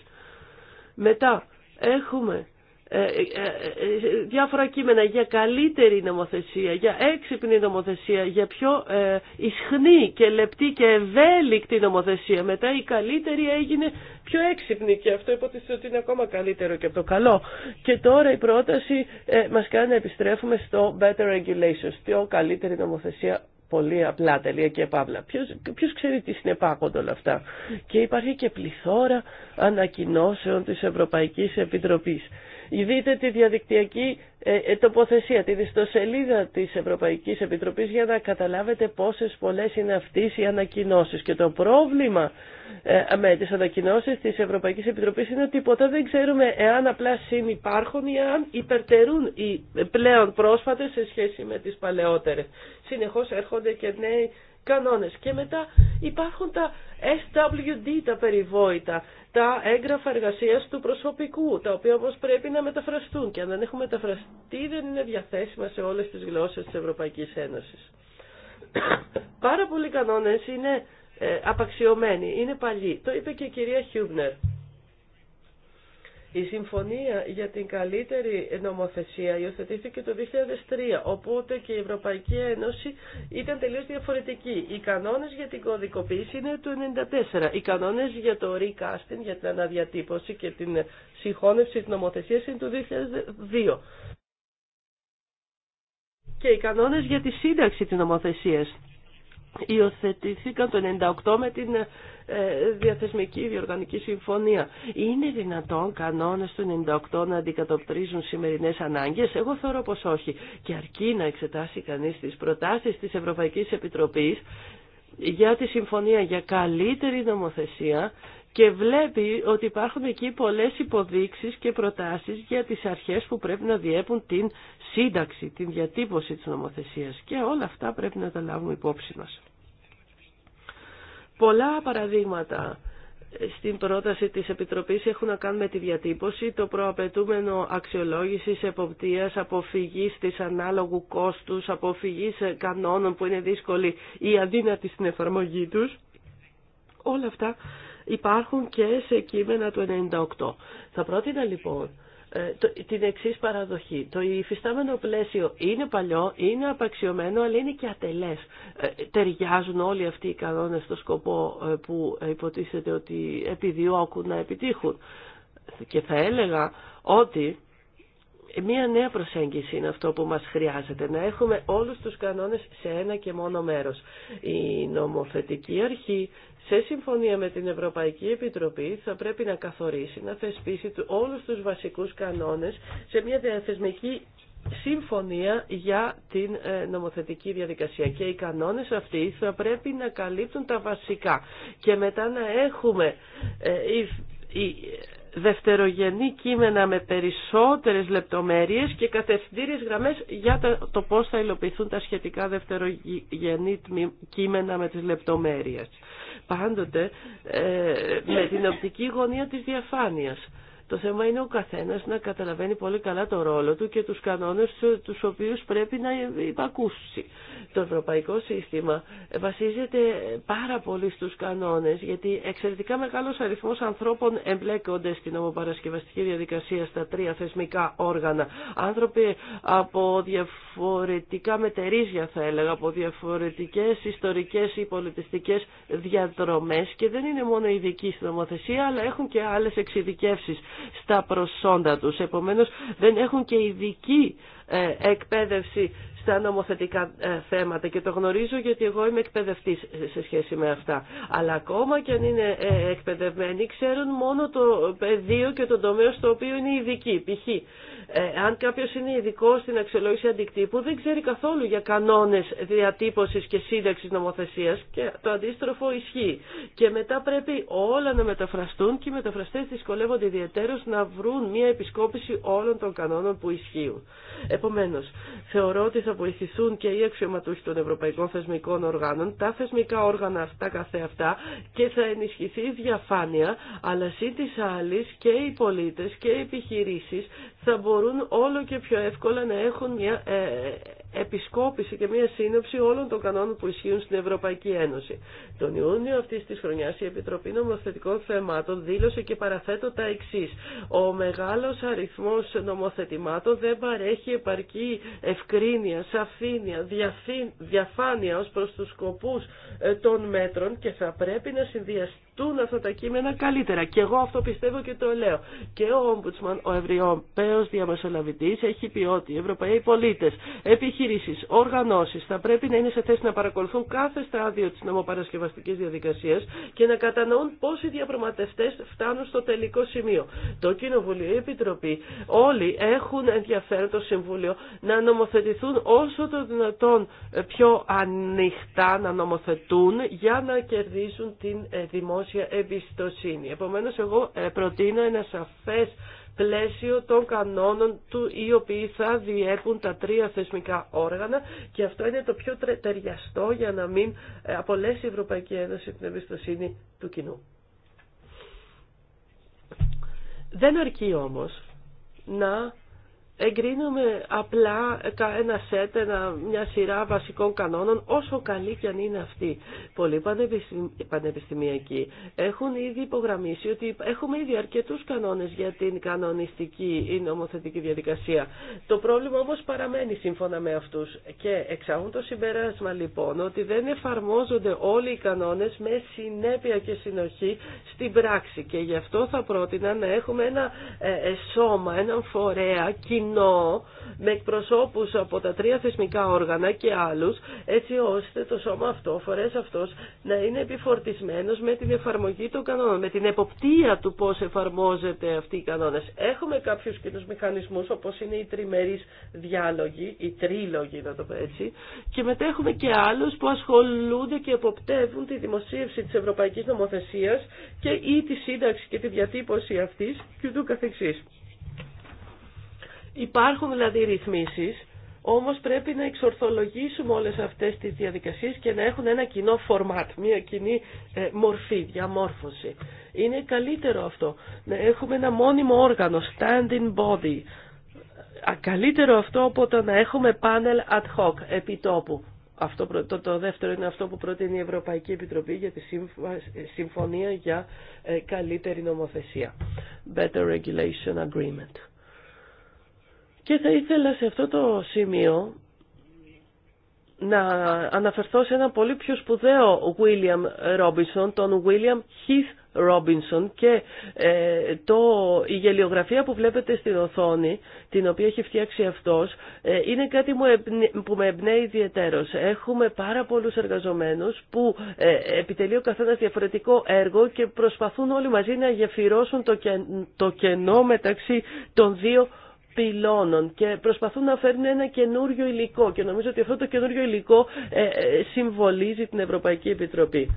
Μετά έχουμε ε, ε, ε, διάφορα κείμενα για καλύτερη νομοθεσία, για έξυπνη νομοθεσία, για πιο ισχνή και λεπτή και ευέλικτη νομοθεσία. Μετά η καλύτερη έγινε πιο έξυπνη και αυτό υποτίθεται ότι είναι ακόμα καλύτερο και από το καλό. Και τώρα η πρόταση μας κάνει να επιστρέφουμε στο better regulation, πιο καλύτερη νομοθεσία πολύ απλά, τελεία και παύλα. Ποιος, ξέρει τι συνεπάγονται όλα αυτά. Και υπάρχει και πληθώρα ανακοινώσεων της Ευρωπαϊκής Επιτροπής. Δείτε τη διαδικτυακή ε, ε, τοποθεσία, τη διστοσελίδα της Ευρωπαϊκής Επιτροπής για να καταλάβετε πόσες πολλές είναι αυτές οι ανακοινώσεις. Και το πρόβλημα ε, με τις ανακοινώσεις της Ευρωπαϊκής Επιτροπής είναι ότι ποτέ δεν ξέρουμε εάν απλά συνυπάρχουν ή αν υπερτερούν οι πλέον πρόσφατες σε σχέση με τις παλαιότερες. Συνεχώς έρχονται και νέοι κανόνες. Και μετά υπάρχουν τα SWD, τα περιβόητα, τα έγγραφα εργασίας του προσωπικού, τα οποία όμως πρέπει να μεταφραστούν και αν δεν έχουν μεταφραστεί δεν είναι διαθέσιμα σε όλες τις γλώσσες της Ευρωπαϊκής Ένωσης. Πάρα πολλοί κανόνες είναι ε, απαξιωμένοι, είναι παλιοί. Το είπε και η κυρία Χιούμπνερ. Η Συμφωνία για την Καλύτερη Νομοθεσία υιοθετήθηκε το 2003, οπότε και η Ευρωπαϊκή Ένωση ήταν τελείως διαφορετική. Οι κανόνες για την κωδικοποίηση είναι του 1994. Οι κανόνες για το recasting, για την αναδιατύπωση και την συγχώνευση της νομοθεσίας είναι του 2002. Και οι κανόνες για τη σύνταξη της νομοθεσίας υιοθετηθήκαν το 98 με την ε, διαθεσμική διοργανική συμφωνία. Είναι δυνατόν κανόνες του 98 να αντικατοπτρίζουν σημερινές ανάγκες. Εγώ θεωρώ πως όχι. Και αρκεί να εξετάσει κανείς τις προτάσεις της Ευρωπαϊκής Επιτροπής για τη συμφωνία για καλύτερη νομοθεσία και βλέπει ότι υπάρχουν εκεί πολλές υποδείξεις και προτάσεις για τις αρχές που πρέπει να διέπουν την σύνταξη, την διατύπωση της νομοθεσίας και όλα αυτά πρέπει να τα λάβουμε υπόψη μας. Πολλά παραδείγματα στην πρόταση της Επιτροπής έχουν να κάνουν με τη διατύπωση, το προαπαιτούμενο αξιολόγησης, εποπτείας, αποφυγής της ανάλογου κόστους, αποφυγής κανόνων που είναι δύσκολοι ή αδύνατοι στην εφαρμογή τους. Όλα αυτά υπάρχουν και σε κείμενα του 98. Θα πρότεινα λοιπόν ε, την εξή παραδοχή. Το υφιστάμενο πλαίσιο είναι παλιό, είναι απαξιωμένο, αλλά είναι και ατελές. Ε, ταιριάζουν όλοι αυτοί οι κανόνε στο σκοπό ε, που υποτίθεται ότι επιδιώκουν να επιτύχουν. Και θα έλεγα ότι Μία νέα προσέγγιση είναι αυτό που μας χρειάζεται, να έχουμε όλους τους κανόνες σε ένα και μόνο μέρος. Η νομοθετική αρχή, σε συμφωνία με την Ευρωπαϊκή Επιτροπή, θα πρέπει να καθορίσει, να θεσπίσει όλους τους βασικούς κανόνες σε μια διαθεσμική συμφωνία για την ε, νομοθετική διαδικασία και οι κανόνες αυτοί θα πρέπει να καλύπτουν τα βασικά και μετά να έχουμε ε, δευτερογενή κείμενα με περισσότερες λεπτομέρειες και κατευθυντήριες γραμμές για το πώς θα υλοποιηθούν τα σχετικά δευτερογενή κείμενα με τις λεπτομέρειες. Πάντοτε ε, με την οπτική γωνία της διαφάνειας. Το θέμα είναι ο καθένας να καταλαβαίνει πολύ καλά το ρόλο του και τους κανόνες ε, τους οποίους πρέπει να υπακούσει. Το ευρωπαϊκό σύστημα βασίζεται πάρα πολύ στους κανόνες γιατί εξαιρετικά μεγάλος αριθμός ανθρώπων εμπλέκονται στην ομοπαρασκευαστική διαδικασία στα τρία θεσμικά όργανα. Άνθρωποι από διαφορετικά μετερίζια θα έλεγα, από διαφορετικές ιστορικές ή πολιτιστικές διαδρομές και δεν είναι μόνο ειδικοί στην νομοθεσία αλλά έχουν και άλλε εξειδικεύσεις στα προσόντα τους. Επομένως δεν έχουν και ειδική ε, εκπαίδευση στα νομοθετικά ε, θέματα και το γνωρίζω γιατί εγώ είμαι εκπαιδευτής σε σχέση με αυτά. Αλλά ακόμα και αν είναι ε, εκπαιδευμένοι ξέρουν μόνο το πεδίο και το τομέα στο οποίο είναι ειδικοί. Π.χ. Ε, αν κάποιο είναι ειδικό στην αξιολόγηση αντικτύπου, δεν ξέρει καθόλου για κανόνε διατύπωση και σύνταξη νομοθεσία και το αντίστροφο ισχύει. Και μετά πρέπει όλα να μεταφραστούν και οι μεταφραστέ δυσκολεύονται ιδιαίτερω να βρουν μια επισκόπηση όλων των κανόνων που ισχύουν. Επομένω, θεωρώ ότι θα βοηθηθούν και οι αξιωματούχοι των Ευρωπαϊκών Θεσμικών Οργάνων, τα θεσμικά όργανα αυτά καθεαυτά και θα ενισχυθεί η διαφάνεια, αλλά σύν τη άλλη και οι πολίτε και οι επιχειρήσει θα μπορούν μπορούν όλο και πιο εύκολα να έχουν μια ε, επισκόπηση και μια σύνοψη όλων των κανόνων που ισχύουν στην Ευρωπαϊκή Ένωση. Τον Ιούνιο αυτή τη χρονιά η Επιτροπή Νομοθετικών Θεμάτων δήλωσε και παραθέτω τα εξή. Ο μεγάλο αριθμό νομοθετημάτων δεν παρέχει επαρκή ευκρίνεια, σαφήνεια, διαφάνεια ω προ του σκοπού ε, των μέτρων και θα πρέπει να συνδυαστούν αυτά τα κείμενα καλύτερα. Και εγώ αυτό πιστεύω και το λέω. Και ο Ομπουτσμαν, ο Ευρωπαίο Διαμεσολαβητή, έχει πει ότι οι Ευρωπαίοι πολίτε, επιχειρήσει, οργανώσεις θα πρέπει να είναι σε θέση να παρακολουθούν κάθε στάδιο της νομοπαρασκευαστική διαδικασίας και να κατανοούν πώς οι διαπραγματευτέ φτάνουν στο τελικό σημείο. Το Κοινοβουλίο, η Επιτροπή, όλοι έχουν ενδιαφέρον το Συμβούλιο να νομοθετηθούν όσο το δυνατόν πιο ανοιχτά να νομοθετούν για να κερδίσουν την ε, δημόσια εμπιστοσύνη. Επομένω εγώ ε, προτείνω ένα σαφέ πλαίσιο των κανόνων του οι οποίοι θα διέπουν τα τρία θεσμικά όργανα και αυτό είναι το πιο ταιριαστό για να μην ε, απολέσει η Ευρωπαϊκή Ένωση την εμπιστοσύνη του κοινού. Δεν αρκεί όμως να εγκρίνουμε απλά ένα σετ, ένα, μια σειρά βασικών κανόνων, όσο καλή κι αν είναι αυτή. Πολλοί πανεπιστημιακοί έχουν ήδη υπογραμμίσει ότι έχουμε ήδη αρκετού κανόνες για την κανονιστική ή νομοθετική διαδικασία. Το πρόβλημα όμως παραμένει σύμφωνα με αυτούς και εξαγούν το συμπέρασμα λοιπόν ότι δεν εφαρμόζονται όλοι οι κανόνε με συνέπεια και συνοχή στην πράξη και γι' αυτό θα πρότεινα να έχουμε ένα ε, ε, σώμα, έναν φορέα κοινό κοινό με εκπροσώπους από τα τρία θεσμικά όργανα και άλλους έτσι ώστε το σώμα αυτό, φορέ αυτό αυτός να είναι επιφορτισμένος με την εφαρμογή των κανόνων, με την εποπτεία του πώς εφαρμόζεται αυτοί οι κανόνες. Έχουμε κάποιους κοινούς μηχανισμούς όπως είναι οι τριμερείς διάλογοι, οι τρίλογοι να το πω έτσι και μετά έχουμε και άλλους που ασχολούνται και εποπτεύουν τη δημοσίευση της Ευρωπαϊκής Νομοθεσίας και ή τη σύνταξη και τη διατύπωση αυτής και του καθεξής. Υπάρχουν δηλαδή ρυθμίσεις, όμως πρέπει να εξορθολογήσουμε όλες αυτές τις διαδικασίες και να έχουν ένα κοινό φορμάτ, μια κοινή ε, μορφή, διαμόρφωση. Είναι καλύτερο αυτό, να έχουμε ένα μόνιμο όργανο, standing body, καλύτερο αυτό από το να έχουμε panel ad hoc επιτόπου. Αυτό, το, το δεύτερο είναι αυτό που προτείνει η Ευρωπαϊκή Επιτροπή για τη ε, Συμφωνία για ε, Καλύτερη Νομοθεσία. Better Regulation Agreement. Και θα ήθελα σε αυτό το σημείο να αναφερθώ σε ένα πολύ πιο σπουδαίο William Robinson, τον William Heath Robinson και ε, το, η γελιογραφία που βλέπετε στην οθόνη, την οποία έχει φτιάξει αυτός, ε, είναι κάτι που με εμπνέει ιδιαίτερος. Έχουμε πάρα πολλούς εργαζομένους που ε, επιτελεί ο καθένας διαφορετικό έργο και προσπαθούν όλοι μαζί να γεφυρώσουν το, το κενό μεταξύ των δύο πυλώνων και προσπαθούν να φέρουν ένα καινούριο υλικό και νομίζω ότι αυτό το καινούριο υλικό ε, ε, συμβολίζει την Ευρωπαϊκή Επιτροπή.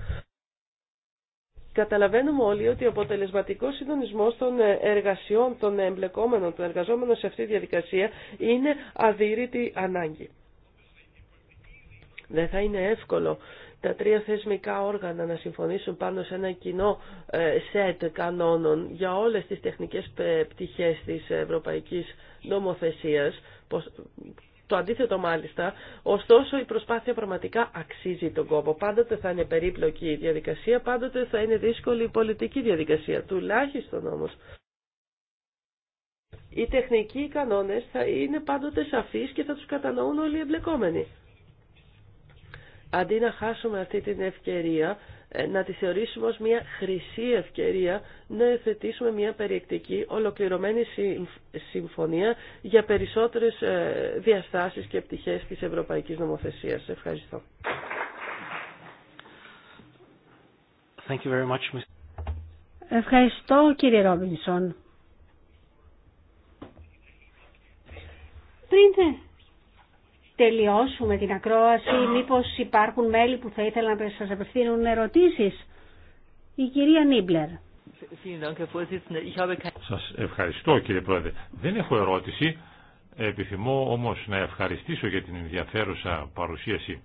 Καταλαβαίνουμε όλοι ότι ο αποτελεσματικό συντονισμό των ε, εργασιών των εμπλεκόμενων, των εργαζόμενων σε αυτή τη διαδικασία είναι αδύρυτη ανάγκη. Δεν θα είναι εύκολο τα τρία θεσμικά όργανα να συμφωνήσουν πάνω σε ένα κοινό ε, σετ κανόνων για όλες τις τεχνικές πτυχές της ευρωπαϊκής νομοθεσίας, το αντίθετο μάλιστα, ωστόσο η προσπάθεια πραγματικά αξίζει τον κόπο. Πάντοτε θα είναι περίπλοκη η διαδικασία, πάντοτε θα είναι δύσκολη η πολιτική διαδικασία, τουλάχιστον όμως. Οι τεχνικοί κανόνες θα είναι πάντοτε σαφείς και θα τους κατανοούν όλοι οι εμπλεκόμενοι αντί να χάσουμε αυτή την ευκαιρία, ε, να τη θεωρήσουμε ως μια χρυσή ευκαιρία να εθετήσουμε μια περιεκτική ολοκληρωμένη συμφωνία για περισσότερες ε, διαστάσεις και πτυχές της Ευρωπαϊκής Νομοθεσίας. Ευχαριστώ. Thank you very much, Ευχαριστώ κύριε Ρόμπινσον. Πριν ε, τελειώσουμε την ακρόαση, μήπως υπάρχουν μέλη που θα ήθελαν να σας απευθύνουν ερωτήσεις. Η κυρία Νίμπλερ. Σας ευχαριστώ κύριε Πρόεδρε. Δεν έχω ερώτηση, επιθυμώ όμως να ευχαριστήσω για την ενδιαφέρουσα παρουσίαση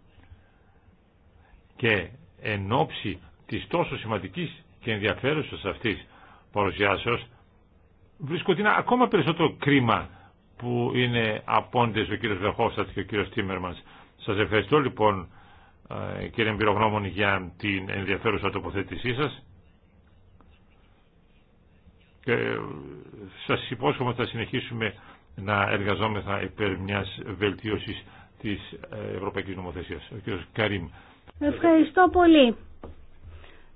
και εν ώψη της τόσο σημαντικής και ενδιαφέρουσας αυτής παρουσιάσεως βρίσκω ότι είναι ακόμα περισσότερο κρίμα που είναι απόντες ο κύριος Βεχόφστατ και ο κύριος Τίμερμανς. Σας ευχαριστώ λοιπόν ε, κύριε Εμπειρογνώμων για την ενδιαφέρουσα τοποθέτησή σας και ε, σας υπόσχομαι θα συνεχίσουμε να εργαζόμεθα υπέρ μιας βελτίωσης της ε, Ευρωπαϊκής Νομοθεσίας. Ο κύριος Καρίμ. Ευχαριστώ πολύ.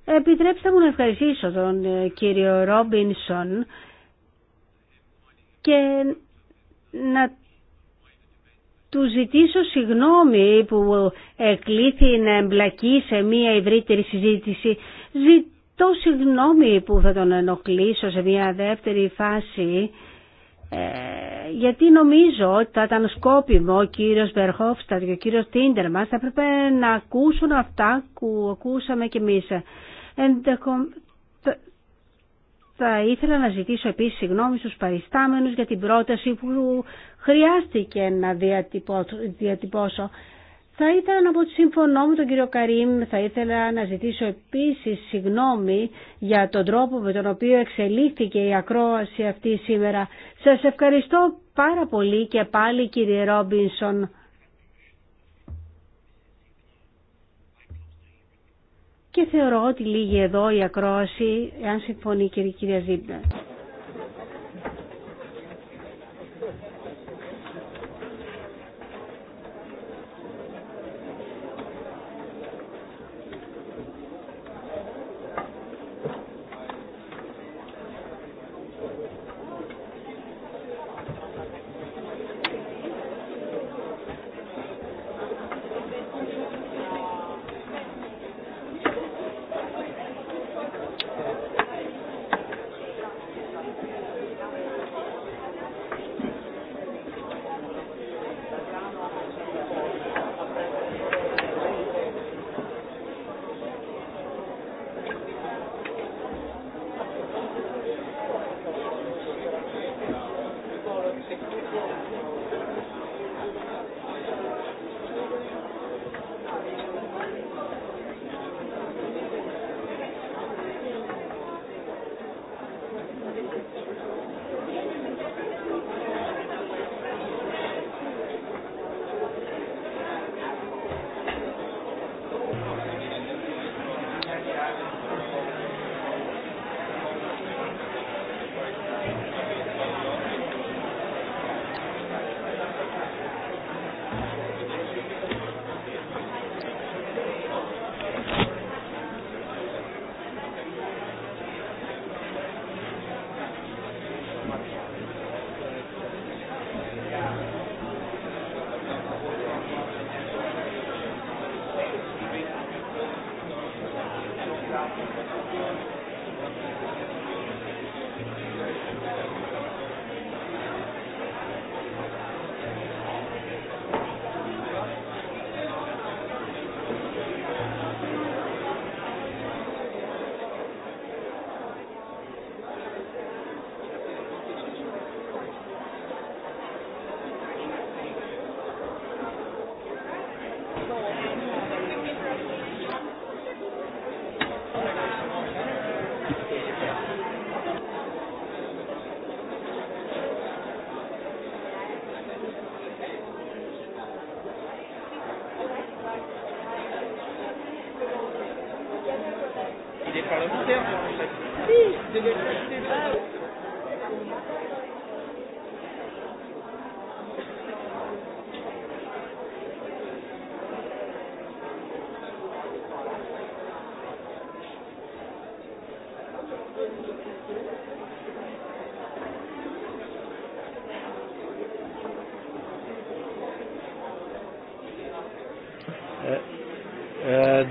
Επιτρέψτε μου να ευχαριστήσω τον κύριο Ρόμπινσον και να του ζητήσω συγνώμη που εκλήθη να εμπλακεί σε μία ευρύτερη συζήτηση. Ζητώ συγνώμη που θα τον ενοχλήσω σε μία δεύτερη φάση. Ε, γιατί νομίζω ότι θα ήταν σκόπιμο ο κύριος Μπερχόφστατ και ο κύριος Τίντερ θα έπρεπε να ακούσουν αυτά που ακούσαμε κι εμείς. Θα ήθελα να ζητήσω επίσης συγγνώμη στους παριστάμενους για την πρόταση που χρειάστηκε να διατυπώσω. Θα ήθελα να πω ότι συμφωνώ με τον κύριο Καρίμ, θα ήθελα να ζητήσω επίσης συγγνώμη για τον τρόπο με τον οποίο εξελίχθηκε η ακρόαση αυτή σήμερα. Σας ευχαριστώ πάρα πολύ και πάλι κύριε Ρόμπινσον. Και θεωρώ ότι λίγη εδώ η ακρόαση, εάν συμφωνεί και η κυρία Ζήμπνερ.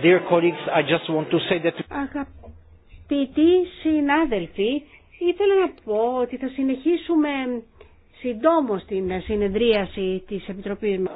Dear colleagues, I just want to say that... Αγαπητοί συνάδελφοι, ήθελα να πω ότι θα συνεχίσουμε συντόμως την συνεδρίαση της Επιτροπής μας.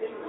Thank you.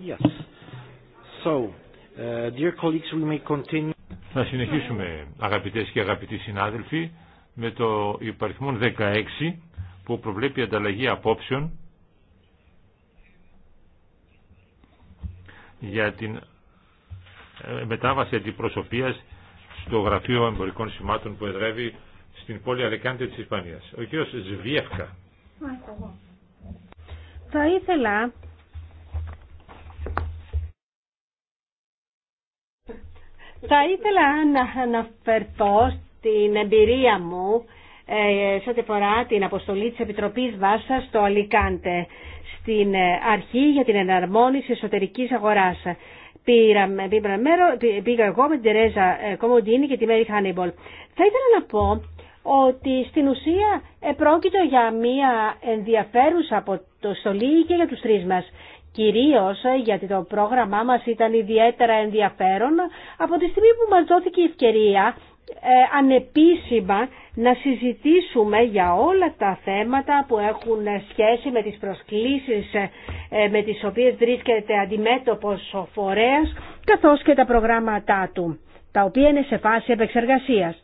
Yes. Uh, Θα συνεχίσουμε αγαπητές και αγαπητοί συνάδελφοι με το υπαριθμόν 16 που προβλέπει ανταλλαγή απόψεων για την ε, μετάβαση αντιπροσωπείας στο Γραφείο Εμπορικών Σημάτων που εδρεύει στην πόλη Αλεκάντε της Ισπανίας. Ο κ. Ζβιεύκα. Θα ήθελα Θα ήθελα να αναφερθώ στην εμπειρία μου ε, σε ό,τι φορά την αποστολή της Επιτροπής Βάσα στο Αλικάντε στην ε, αρχή για την εναρμόνιση εσωτερικής αγοράς. Πήρα, μέρο, πήγα εγώ με την Τερέζα ε, Κομοντίνη και τη Μέρι Χάνιμπολ. Θα ήθελα να πω ότι στην ουσία πρόκειται για μία ενδιαφέρουσα αποστολή και για τους τρεις μας κυρίως ε, γιατί το πρόγραμμά μας ήταν ιδιαίτερα ενδιαφέρον από τη στιγμή που μας δόθηκε η ευκαιρία ε, ανεπίσημα να συζητήσουμε για όλα τα θέματα που έχουν σχέση με τις προσκλήσεις ε, με τις οποίες βρίσκεται αντιμέτωπος ο φορέας καθώς και τα προγράμματά του τα οποία είναι σε φάση επεξεργασίας.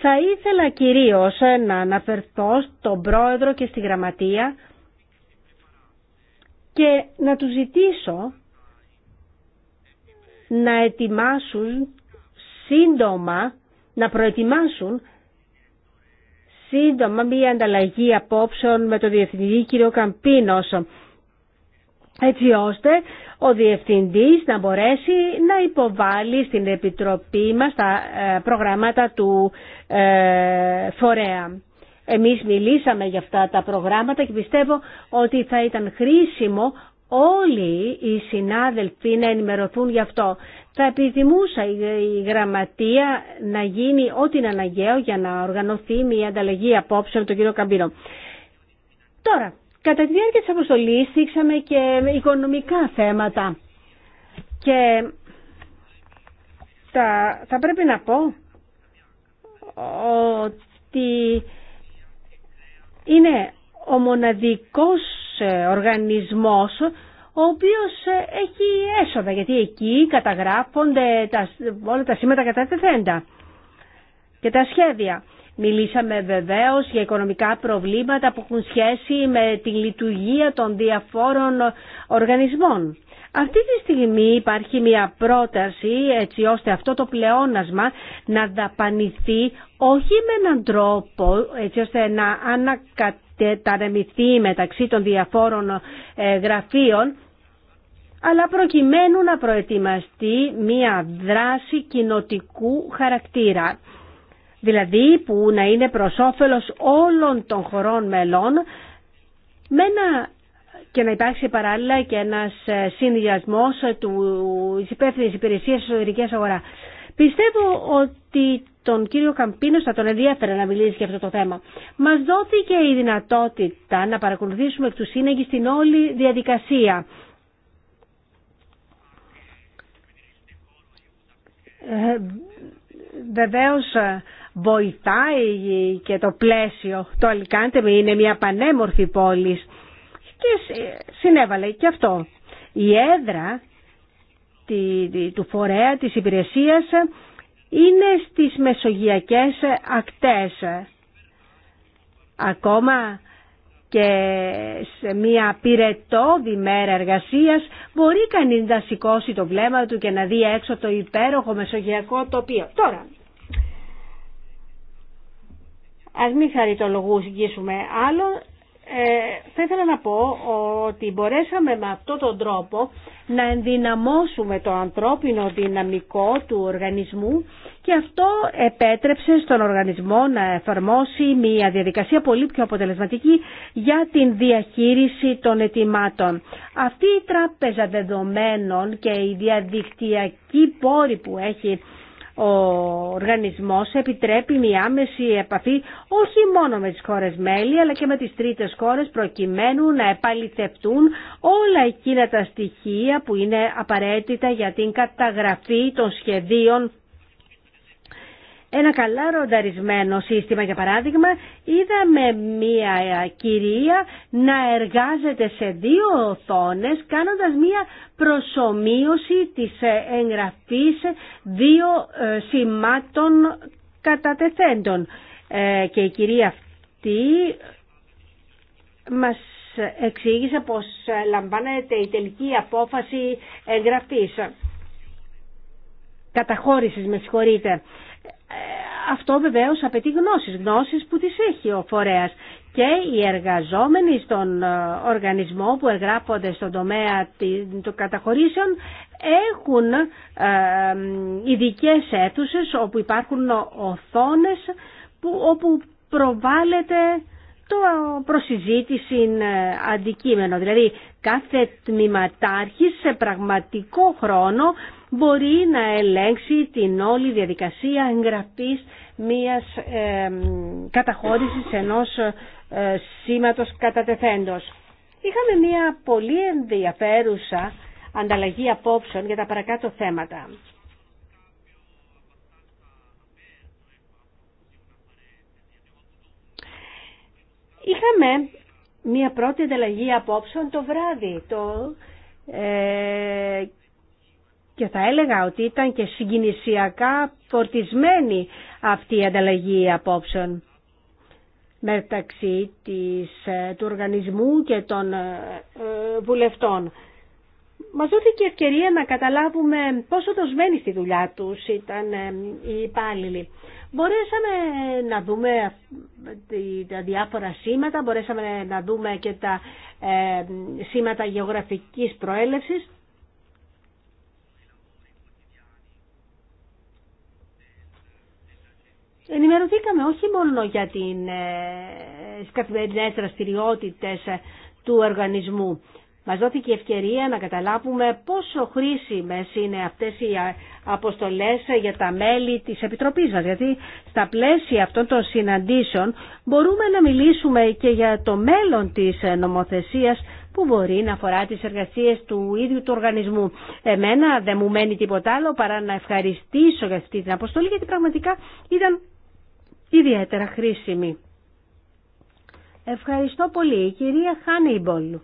Θα ήθελα κυρίως να αναφερθώ στον πρόεδρο και στη γραμματεία και να τους ζητήσω να ετοιμάσουν σύντομα, να προετοιμάσουν σύντομα μία ανταλλαγή απόψεων με τον Διευθυντή κ. Καμπίνος έτσι ώστε ο Διευθυντής να μπορέσει να υποβάλει στην Επιτροπή μας τα ε, προγράμματα του ε, φορέα. Εμείς μιλήσαμε για αυτά τα προγράμματα και πιστεύω ότι θα ήταν χρήσιμο όλοι οι συνάδελφοι να ενημερωθούν γι' αυτό. Θα επιθυμούσα η γραμματεία να γίνει ό,τι είναι αναγκαίο για να οργανωθεί μια ανταλλαγή με τον κύριο Καμπύρο. Τώρα, κατά τη διάρκεια της αποστολής θίξαμε και οικονομικά θέματα και θα, θα πρέπει να πω ότι είναι ο μοναδικός ε, οργανισμός ο οποίος ε, έχει έσοδα, γιατί εκεί καταγράφονται τα, όλα τα σήματα κατά τεθέντα και τα σχέδια. Μιλήσαμε βεβαίως για οικονομικά προβλήματα που έχουν σχέση με τη λειτουργία των διαφόρων οργανισμών. Αυτή τη στιγμή υπάρχει μια πρόταση έτσι ώστε αυτό το πλεόνασμα να δαπανηθεί όχι με έναν τρόπο έτσι ώστε να ανακατεταρεμηθεί μεταξύ των διαφόρων ε, γραφείων αλλά προκειμένου να προετοιμαστεί μια δράση κοινοτικού χαρακτήρα δηλαδή που να είναι προς όφελος όλων των χωρών μελών με ένα και να υπάρξει παράλληλα και ένας ε, συνδυασμός του υπεύθυνης υπηρεσίας εσωτερική αγορά. Πιστεύω ότι τον κύριο Καμπίνος θα τον ενδιαφέρε να μιλήσει για αυτό το θέμα. Μα δόθηκε η δυνατότητα να παρακολουθήσουμε εκ του σύνεγγυ στην όλη διαδικασία. Ε, βεβαίως ε, βοηθάει και το πλαίσιο. Το Αλικάντεμι είναι μια πανέμορφη πόλη και συνέβαλε και αυτό. Η έδρα του φορέα της υπηρεσίας είναι στις μεσογειακές ακτές. Ακόμα και σε μια πυρετόδη μέρα εργασίας μπορεί κανείς να σηκώσει το βλέμμα του και να δει έξω το υπέροχο μεσογειακό τοπίο. Τώρα, ας μην χαριτολογούσουμε άλλο, ε, θα ήθελα να πω ότι μπορέσαμε με αυτόν τον τρόπο να ενδυναμώσουμε το ανθρώπινο δυναμικό του οργανισμού και αυτό επέτρεψε στον οργανισμό να εφαρμόσει μια διαδικασία πολύ πιο αποτελεσματική για την διαχείριση των ετοιμάτων. Αυτή η τράπεζα δεδομένων και η διαδικτυακή πόρη που έχει ο οργανισμός επιτρέπει μια άμεση επαφή όχι μόνο με τις χώρες μέλη αλλά και με τις τρίτες χώρες προκειμένου να επαληθευτούν όλα εκείνα τα στοιχεία που είναι απαραίτητα για την καταγραφή των σχεδίων ένα καλά ρονταρισμένο σύστημα. Για παράδειγμα, είδαμε μία ε, κυρία να εργάζεται σε δύο οθόνες κάνοντας μία προσωμείωση της ε, εγγραφής δύο ε, σημάτων κατατεθέντων. Και η κυρία αυτή μας εξήγησε πως λαμβάνεται η τελική απόφαση εγγραφής. Καταχώρησης, με συγχωρείτε. Ε, αυτό βεβαίως απαιτεί γνώσεις, γνώσεις που τις έχει ο φορέας και οι εργαζόμενοι στον ε, οργανισμό που εγγράφονται στον τομέα των καταχωρήσεων έχουν ε, ειδικέ αίθουσε όπου υπάρχουν οθόνες όπου προβάλλεται το προσυζήτηση αντικείμενο. Δηλαδή κάθε τμηματάρχη σε πραγματικό χρόνο μπορεί να ελέγξει την όλη διαδικασία εγγραφής μιας ε, καταχώρησης ενός ε, σήματος κατατεθέντος. Είχαμε μια πολύ ενδιαφέρουσα ανταλλαγή απόψεων για τα παρακάτω θέματα. Είχαμε μια πρώτη ανταλλαγή απόψεων το βράδυ, το ε, και θα έλεγα ότι ήταν και συγκινησιακά φορτισμένη αυτή η ανταλλαγή απόψεων μεταξύ της, ε, του οργανισμού και των ε, ε, βουλευτών. Μας δόθηκε ευκαιρία να καταλάβουμε πόσο δοσμένοι στη δουλειά τους ήταν οι υπάλληλοι. Μπορέσαμε να δούμε τα διάφορα σήματα, μπορέσαμε να δούμε και τα σήματα γεωγραφικής προέλευσης ενημερωθήκαμε όχι μόνο για την, ε, τις καθημερινές δραστηριότητες ε, του οργανισμού. Μας δόθηκε η ευκαιρία να καταλάβουμε πόσο χρήσιμες είναι αυτές οι ε, αποστολές για τα μέλη της Επιτροπής μας. Γιατί στα πλαίσια αυτών των συναντήσεων μπορούμε να μιλήσουμε και για το μέλλον της νομοθεσίας που μπορεί να αφορά τις εργασίες του ίδιου του οργανισμού. Εμένα δεν μου μένει τίποτα άλλο παρά να ευχαριστήσω για αυτή την αποστολή γιατί πραγματικά ήταν ιδιαίτερα χρήσιμη. Ευχαριστώ πολύ, η κυρία Χάνιμπολ.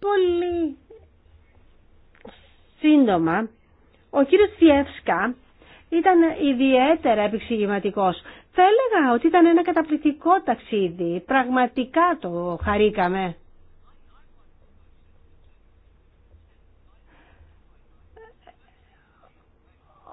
Πολύ σύντομα, ο κύριος Θιεύσκα ήταν ιδιαίτερα επεξηγηματικός. Θα έλεγα ότι ήταν ένα καταπληκτικό ταξίδι, πραγματικά το χαρήκαμε.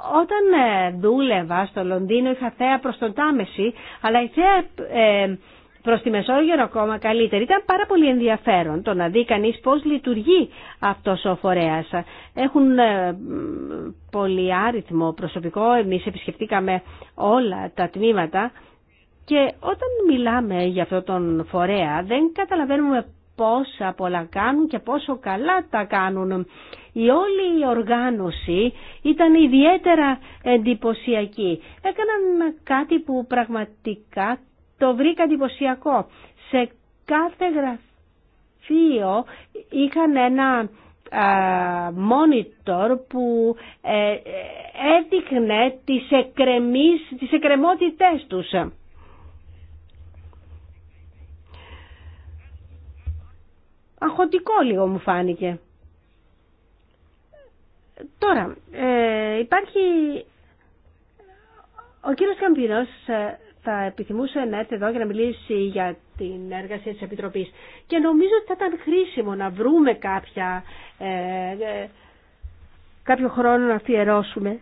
Όταν ε, δούλευα στο Λονδίνο είχα θέα προς τον Τάμεση, αλλά η θέα ε, προς τη Μεσόγειο είναι ακόμα καλύτερη. Ήταν πάρα πολύ ενδιαφέρον το να δει κανείς πώς λειτουργεί αυτός ο φορέας. Έχουν ε, πολύ άριθμο προσωπικό, εμείς επισκεφτήκαμε όλα τα τμήματα και όταν μιλάμε για αυτόν τον φορέα δεν καταλαβαίνουμε πόσα πολλά κάνουν και πόσο καλά τα κάνουν. Η όλη η οργάνωση ήταν ιδιαίτερα εντυπωσιακή. Έκαναν κάτι που πραγματικά το βρήκα εντυπωσιακό. Σε κάθε γραφείο είχαν ένα μόνιτορ που ε, ε, έδειχνε τις, εκκρεμότητε τις εκκρεμότητές τους. αγχωτικό λίγο μου φάνηκε. Τώρα, ε, υπάρχει... Ο κύριος Καμπίνος ε, θα επιθυμούσε να έρθει εδώ για να μιλήσει για την εργασία της Επιτροπής. Και νομίζω ότι θα ήταν χρήσιμο να βρούμε κάποια, ε, ε, κάποιο χρόνο να αφιερώσουμε.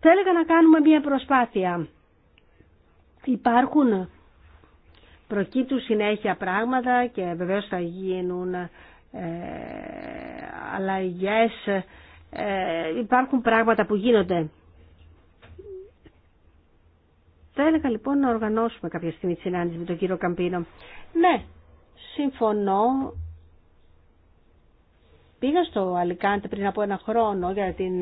Θα έλεγα να κάνουμε μια προσπάθεια. Υπάρχουν προκύπτουν συνέχεια πράγματα και βεβαίως θα γίνουν ε, αλλαγές. Ε, υπάρχουν πράγματα που γίνονται. Θα έλεγα λοιπόν να οργανώσουμε κάποια στιγμή τη συνάντηση με τον κύριο Καμπίνο. Ναι, συμφωνώ Πήγα στο Αλικάντε πριν από ένα χρόνο για την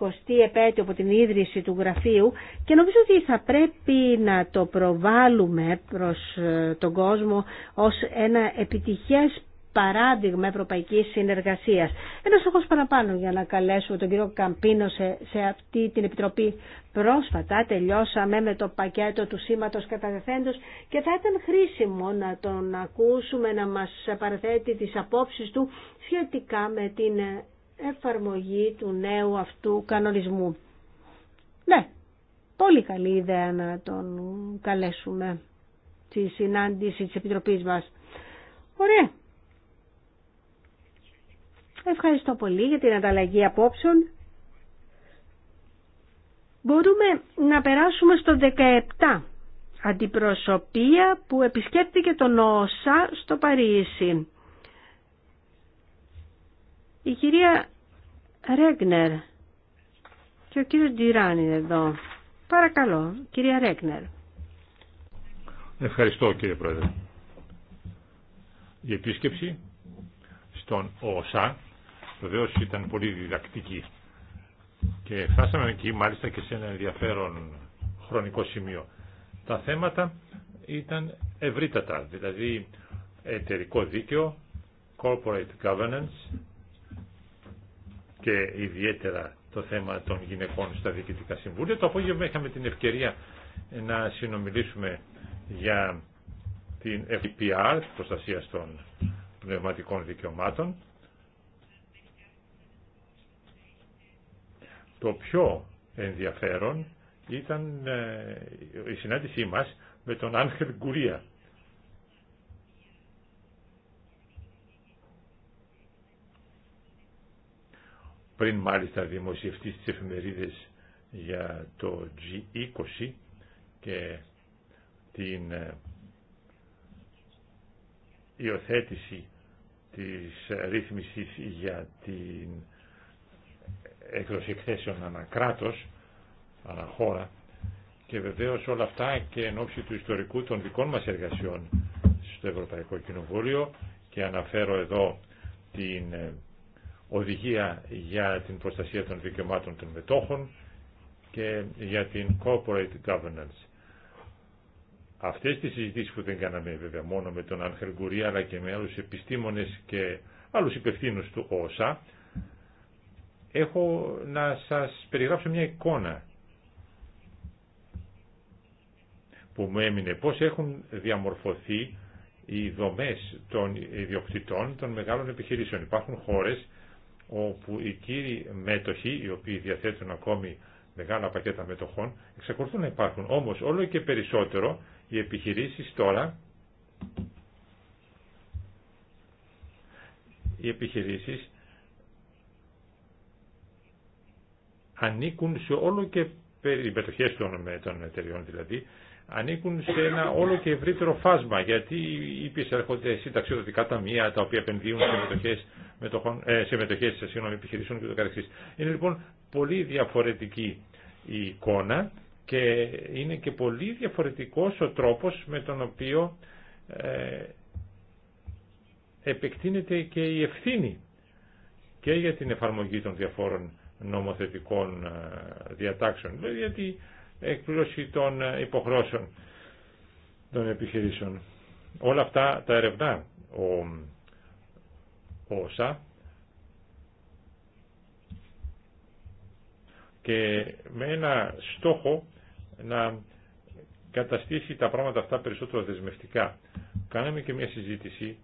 20η επέτειο από την ίδρυση του γραφείου και νομίζω ότι θα πρέπει να το προβάλλουμε προς ε, τον κόσμο ως ένα επιτυχές παράδειγμα ευρωπαϊκής συνεργασίας. Ένα στόχο παραπάνω για να καλέσουμε τον κύριο Καμπίνο σε, αυτή την επιτροπή. Πρόσφατα τελειώσαμε με το πακέτο του σήματο καταδεθέντος και θα ήταν χρήσιμο να τον ακούσουμε να μας παραθέτει τι απόψει του σχετικά με την εφαρμογή του νέου αυτού κανονισμού. Ναι, πολύ καλή ιδέα να τον καλέσουμε στη συνάντηση της Επιτροπής μας. Ωραία. Ευχαριστώ πολύ για την ανταλλαγή απόψεων. Μπορούμε να περάσουμε στο 17. Αντιπροσωπεία που επισκέπτηκε τον Όσα στο Παρίσι. Η κυρία Ρέγνερ και ο κύριος Ντιράν είναι εδώ. Παρακαλώ, κυρία Ρέγνερ. Ευχαριστώ κύριε Πρόεδρε. Η επίσκεψη στον ΟΣΑ Βεβαίως ήταν πολύ διδακτική. Και φτάσαμε εκεί μάλιστα και σε ένα ενδιαφέρον χρονικό σημείο. Τα θέματα ήταν ευρύτατα, δηλαδή εταιρικό δίκαιο, corporate governance και ιδιαίτερα το θέμα των γυναικών στα διοικητικά συμβούλια. Το απόγευμα είχαμε την ευκαιρία να συνομιλήσουμε για την FPR, προστασία των πνευματικών δικαιωμάτων Το πιο ενδιαφέρον ήταν ε, η συνάντησή μας με τον Άγχελ Γκουρία. Πριν μάλιστα δημοσιευτεί στις εφημερίδες για το G20 και την ε, υιοθέτηση της ε, ρύθμισης για την έκδοση εκθέσεων ανακράτος, αναχώρα και βεβαίως όλα αυτά και εν ώψη του ιστορικού των δικών μας εργασιών στο Ευρωπαϊκό Κοινοβούλιο και αναφέρω εδώ την ε, οδηγία για την προστασία των δικαιωμάτων των μετόχων και για την corporate governance. Αυτές τις συζητήσεις που δεν κάναμε βέβαια μόνο με τον Γκουρία αλλά και με άλλους επιστήμονες και άλλους υπευθύνους του ΩΣΑ έχω να σας περιγράψω μια εικόνα που μου έμεινε πώς έχουν διαμορφωθεί οι δομές των ιδιοκτητών των μεγάλων επιχειρήσεων. Υπάρχουν χώρες όπου οι κύριοι μέτοχοι, οι οποίοι διαθέτουν ακόμη μεγάλα πακέτα μετοχών, εξακολουθούν να υπάρχουν. Όμως όλο και περισσότερο οι επιχειρήσεις τώρα οι επιχειρήσεις ανήκουν σε όλο και οι υπερτοχές των, των εταιριών δηλαδή, ανήκουν σε ένα όλο και ευρύτερο φάσμα, γιατί οι ήπιες έρχονται συνταξιοδοτικά ταμεία, τα οποία επενδύουν σε μετοχές, μετοχών, ε, σε μετοχές σε επιχειρήσεων κ.ο.κ. Είναι λοιπόν πολύ διαφορετική η εικόνα και είναι και πολύ διαφορετικός ο τρόπος με τον οποίο ε, επεκτείνεται και η ευθύνη και για την εφαρμογή των διαφόρων νομοθετικών ε, διατάξεων, δηλαδή για την εκπλήρωση των ε, υποχρώσεων των επιχειρήσεων. Όλα αυτά τα ερευνά ο ΩΣΑ και με ένα στόχο να καταστήσει τα πράγματα αυτά περισσότερο δεσμευτικά. Κάναμε και μια συζήτηση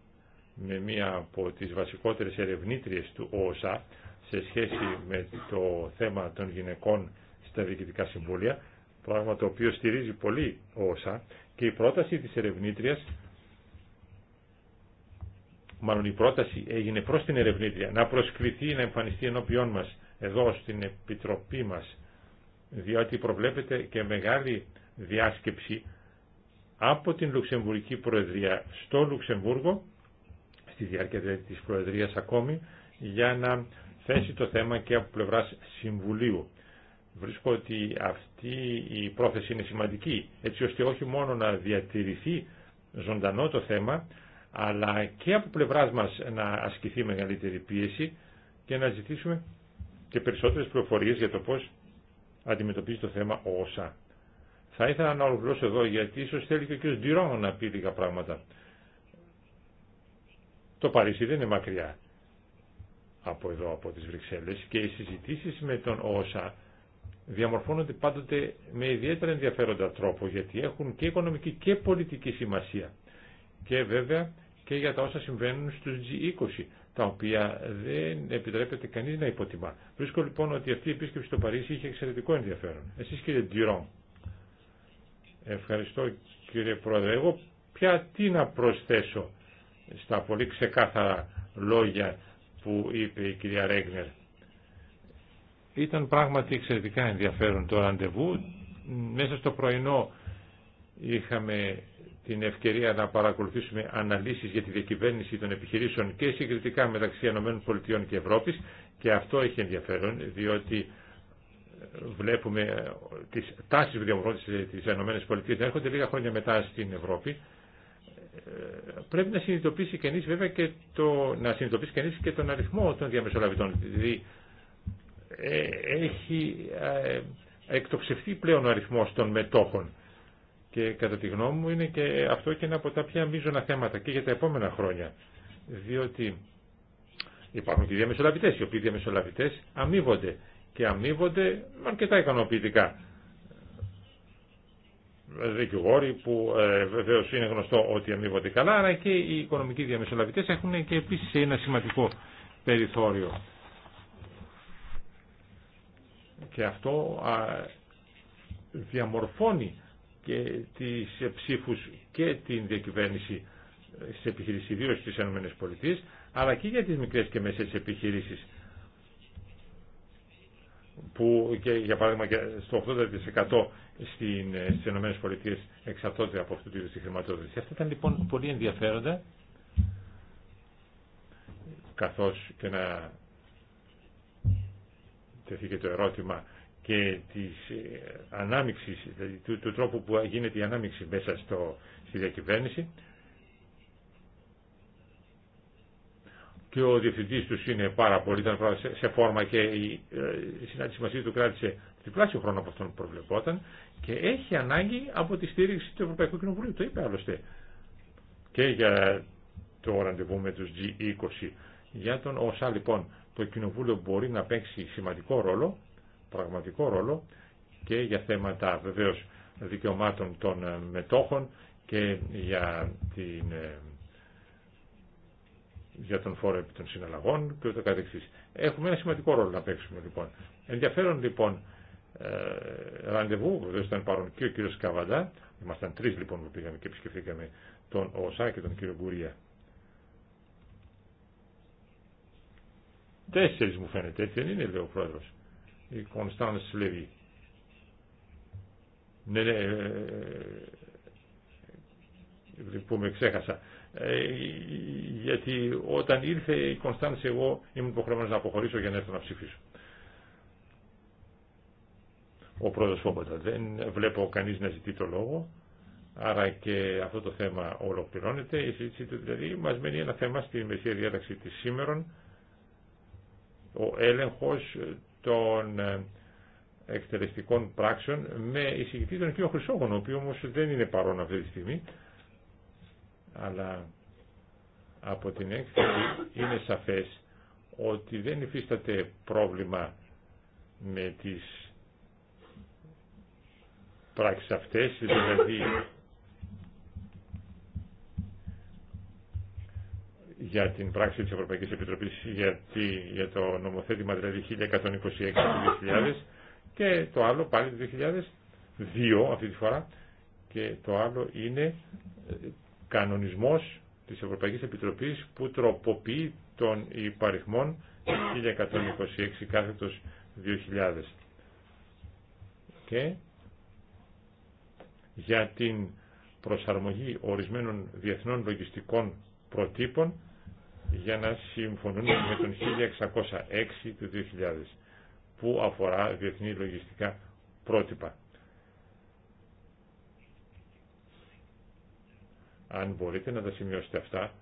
με μία από τις βασικότερες ερευνήτριες του ΩΣΑ σε σχέση με το θέμα των γυναικών στα διοικητικά συμβούλια, πράγμα το οποίο στηρίζει πολύ όσα και η πρόταση της ερευνήτριας, μάλλον η πρόταση έγινε προς την ερευνήτρια, να προσκληθεί να εμφανιστεί ενώπιόν μας εδώ στην Επιτροπή μας, διότι προβλέπεται και μεγάλη διάσκεψη από την Λουξεμβουργική Προεδρία στο Λουξεμβούργο, στη διάρκεια της Προεδρίας ακόμη, για να θέσει το θέμα και από πλευράς Συμβουλίου. Βρίσκω ότι αυτή η πρόθεση είναι σημαντική, έτσι ώστε όχι μόνο να διατηρηθεί ζωντανό το θέμα, αλλά και από πλευράς μας να ασκηθεί μεγαλύτερη πίεση και να ζητήσουμε και περισσότερες πληροφορίες για το πώς αντιμετωπίζει το θέμα όσα. Θα ήθελα να ολοκληρώσω εδώ γιατί ίσως θέλει και ο κ. Ντυρόν να πει λίγα πράγματα. Το Παρίσι δεν είναι μακριά από εδώ, από τις Βρυξέλλες και οι συζητήσεις με τον ΩΣΑ διαμορφώνονται πάντοτε με ιδιαίτερα ενδιαφέροντα τρόπο γιατί έχουν και οικονομική και πολιτική σημασία και βέβαια και για τα όσα συμβαίνουν στους G20 τα οποία δεν επιτρέπεται κανείς να υποτιμά. Βρίσκω λοιπόν ότι αυτή η επίσκεψη στο Παρίσι είχε εξαιρετικό ενδιαφέρον. Εσείς κύριε Ντυρόν. Ευχαριστώ κύριε Πρόεδρε. Εγώ πια τι να προσθέσω στα πολύ ξεκάθαρα λόγια που είπε η κυρία Ρέγνερ. Ήταν πράγματι εξαιρετικά ενδιαφέρον το ραντεβού. Μέσα στο πρωινό είχαμε την ευκαιρία να παρακολουθήσουμε αναλύσεις για τη διακυβέρνηση των επιχειρήσεων και συγκριτικά μεταξύ ΗΠΑ και Ευρώπης και αυτό έχει ενδιαφέρον διότι βλέπουμε τις τάσεις διαμορφώνται της ΗΠΑ να έρχονται λίγα χρόνια μετά στην Ευρώπη πρέπει να συνειδητοποιήσει κανείς βέβαια και το, να συνειδητοποιήσει κανείς και τον αριθμό των διαμεσολαβητών. Δηλαδή ε, έχει ε, εκτοξευτεί πλέον ο αριθμός των μετόχων και κατά τη γνώμη μου είναι και αυτό και ένα από τα πια μείζωνα θέματα και για τα επόμενα χρόνια. Διότι υπάρχουν και διαμεσολαβητές, οι οποίοι διαμεσολαβητές αμείβονται και αμείβονται αρκετά ικανοποιητικά δικηγόροι που ε, είναι γνωστό ότι αμείβονται καλά, αλλά και οι οικονομικοί διαμεσολαβητές έχουν και επίσης ένα σημαντικό περιθώριο. Και αυτό διαμορφώνει και τις ψήφους και την διακυβέρνηση στις επιχειρήσεις, ιδίως στις ΗΠΑ, αλλά και για τις μικρές και μέσες επιχειρήσεις που και για παράδειγμα στο 80% ε, στι ΗΠΑ εξαρτώνται από αυτού του είδου τη χρηματοδότηση. Αυτά ήταν λοιπόν πολύ ενδιαφέροντα, καθώ και να τεθεί και το ερώτημα και της ε, ανάμειξης, δηλαδή του, τρόπου που γίνεται η ανάμειξη μέσα στο, στη διακυβέρνηση. Και ο διευθυντής τους είναι πάρα πολύ, σε, φόρμα και η ε, η συνάντηση μαζί του κράτησε διπλάσιο χρόνο από αυτόν που προβλεπόταν και έχει ανάγκη από τη στήριξη του Ευρωπαϊκού Κοινοβουλίου. Το είπε άλλωστε και για το ραντεβού με τους G20. Για τον ΩΣΑ λοιπόν το Κοινοβούλιο μπορεί να παίξει σημαντικό ρόλο, πραγματικό ρόλο και για θέματα βεβαίως δικαιωμάτων των ε, μετόχων και για, την, ε, για τον φόρο επί των συναλλαγών και ούτω καθεξής. Έχουμε ένα σημαντικό ρόλο να παίξουμε λοιπόν. Ενδιαφέρον λοιπόν ε, ραντεβού, βεβαίω ήταν παρόν και ο κύριο Καβαντά, ήμασταν τρει λοιπόν που πήγαμε και επισκεφθήκαμε τον ΟΣΑ και τον κύριο Γκουρία. Τέσσερι μου φαίνεται, έτσι δεν είναι, λέει ο πρόεδρο. Η Κωνσταντ Λεβί. Ναι, ναι, ε, ε, που με ξέχασα. γιατί όταν ήρθε η Κωνσταντ, εγώ ήμουν υποχρεωμένο να αποχωρήσω για να έρθω να ψηφίσω ο πρόεδρος Φόμποτα. Δεν βλέπω κανείς να ζητεί το λόγο, άρα και αυτό το θέμα ολοκληρώνεται. Η συζήτηση δηλαδή μας μένει ένα θέμα στη μεσαία διάταξη της σήμερα, ο έλεγχος των ε, εκτελεστικών πράξεων με εισηγητή τον κ. χρυσόγων ο οποίος όμως δεν είναι παρόν αυτή τη στιγμή, αλλά από την έκθεση είναι σαφές ότι δεν υφίσταται πρόβλημα με τις πράξεις αυτές, δηλαδή για την πράξη της Ευρωπαϊκής Επιτροπής για, για το νομοθέτημα δηλαδή 1126 2000 και το άλλο πάλι το 2002 αυτή τη φορά και το άλλο είναι ε, κανονισμός της Ευρωπαϊκής Επιτροπής που τροποποιεί των υπαριθμών 1126 κάθετος 2000 και για την προσαρμογή ορισμένων διεθνών λογιστικών προτύπων για να συμφωνούν με τον 1606 του 2000 που αφορά διεθνή λογιστικά πρότυπα. Αν μπορείτε να τα σημειώσετε αυτά,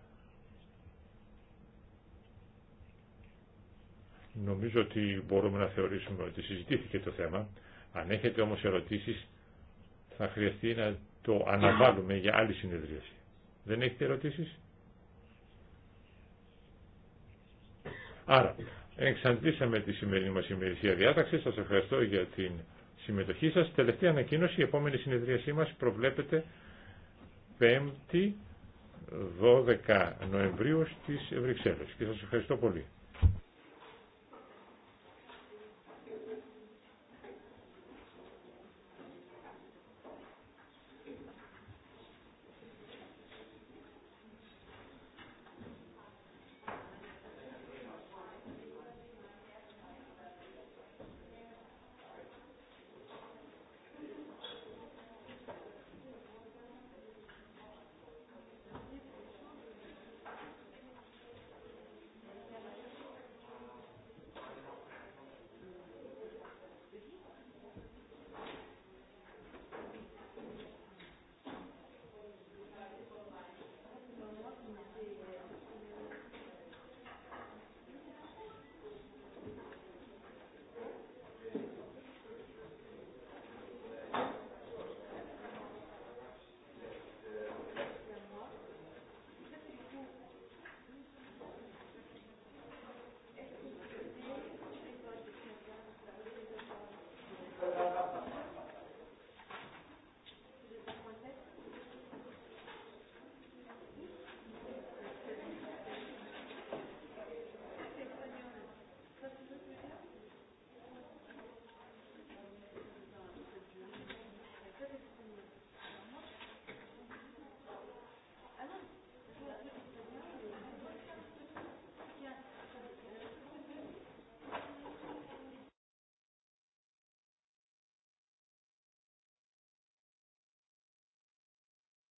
νομίζω ότι μπορούμε να θεωρήσουμε ότι συζητήθηκε το θέμα. Αν έχετε όμως ερωτήσεις, θα χρειαστεί να το αναβάλουμε για άλλη συνεδρίαση. Δεν έχετε ερωτήσεις? Άρα, εξαντλήσαμε τη σημερινή μας ημερησία διάταξη. Σας ευχαριστώ για την συμμετοχή σας. Τελευταία ανακοίνωση, η επόμενη συνεδρίασή μας προβλέπεται 5η 12 Νοεμβρίου στις Βρυξέλλε. Και σας ευχαριστώ πολύ.